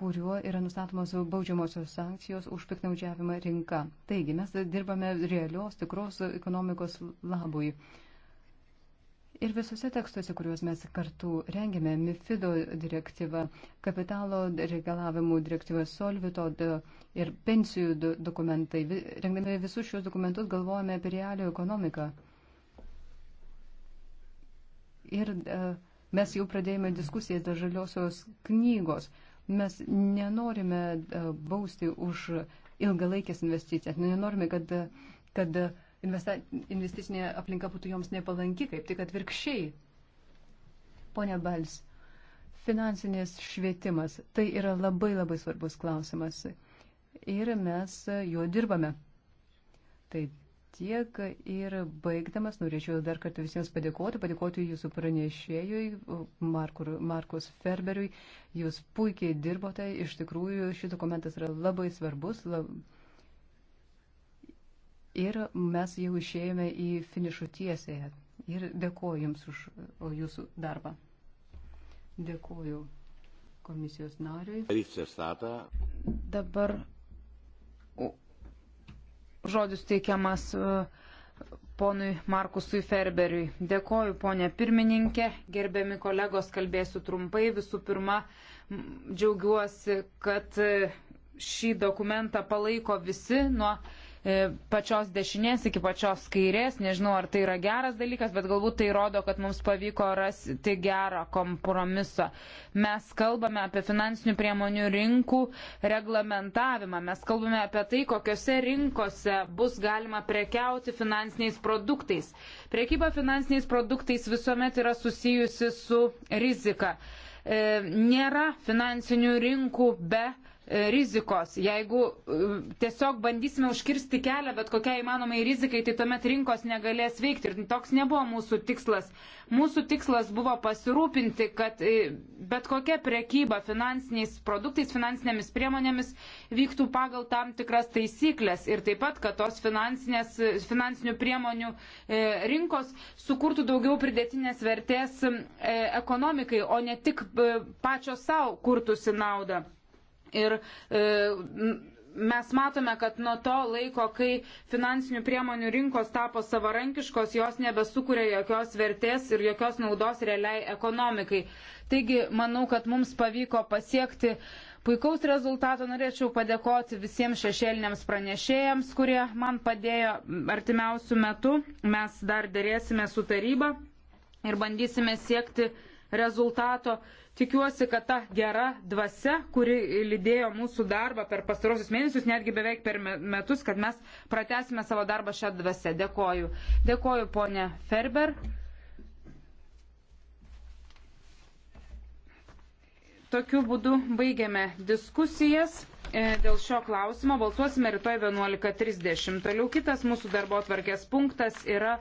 kuriuo yra nustatomos baudžiamosios sankcijos už piknaudžiavimą rinką. Taigi, mes dirbame realios, tikros ekonomikos labui. Ir visose tekstuose, kuriuos mes kartu rengėme, MIFIDO direktyva, kapitalo reikalavimų direktyva, Solvito ir pensijų dokumentai, rengdami visus šios dokumentus galvojame apie realio ekonomiką. Ir e, mes jau pradėjome diskusijas dėl žaliosios knygos. Mes nenorime e, bausti už ilgalaikės investicijas. Nenorime, kad, kad investicinė aplinka būtų joms nepalanki, kaip tik atvirkščiai. Pone Bals, finansinis švietimas - tai yra labai labai svarbus klausimas. Ir mes e, juo dirbame. Tai tiek ir baigdamas norėčiau dar kartą visiems padėkoti, padėkoti jūsų pranešėjui Markur, Markus Ferberiui. Jūs puikiai dirbote, iš tikrųjų šis dokumentas yra labai svarbus. Lab... Ir mes jau išėjome į finišų tiesėje. Ir dėkoju Jums už Jūsų darbą.
Dėkoju komisijos nariui. Dabar žodis teikiamas e, ponui Markusui Ferberiui. Dėkoju, ponė pirmininkė, gerbiami kolegos, kalbėsiu trumpai. Visų pirma, džiaugiuosi, kad e, šį dokumentą palaiko visi nuo E, pačios dešinės iki pačios kairės. Nežinau, ar tai yra geras dalykas, bet galbūt tai rodo, kad mums pavyko rasti gerą kompromisą. Mes kalbame apie finansinių priemonių rinkų reglamentavimą. Mes kalbame apie tai, kokiuose rinkose bus galima prekiauti finansiniais produktais. Prekyba finansiniais produktais visuomet yra susijusi su rizika. E, nėra finansinių rinkų be rizikos. Jeigu e, tiesiog bandysime užkirsti kelią bet kokiai įmanomai rizikai, tai tuomet rinkos negalės veikti. Ir toks nebuvo mūsų tikslas. Mūsų tikslas buvo pasirūpinti, kad e, bet kokia prekyba finansiniais produktais, finansinėmis priemonėmis vyktų pagal tam tikras taisyklės. Ir taip pat, kad tos e, finansinių priemonių rinkos sukurtų daugiau pridėtinės vertės ekonomikai, o ne tik pačios savo kurtųsi naudą ir e, mes matome, kad nuo to laiko, kai finansinių priemonių rinkos tapo savarankiškos, jos nebesukuria jokios vertės ir jokios naudos realiai ekonomikai. Taigi, manau, kad mums pavyko pasiekti puikaus rezultato. Norėčiau padėkoti visiems šešėliniams pranešėjams, kurie man padėjo artimiausių metų. Mes dar dėrėsime su taryba ir bandysime siekti rezultato. Tikiuosi, kad ta gera dvasia, kuri lydėjo mūsų darbą per pastarosius mėnesius, netgi beveik per metus, kad mes pratesime savo darbą šią dvasę. Dėkoju. Dėkoju, ponė Ferber. Tokiu būdu baigiame diskusijas e, dėl šio klausimo. Balsuosime rytoj 11.30. Toliau kitas mūsų darbo atvarkės punktas yra.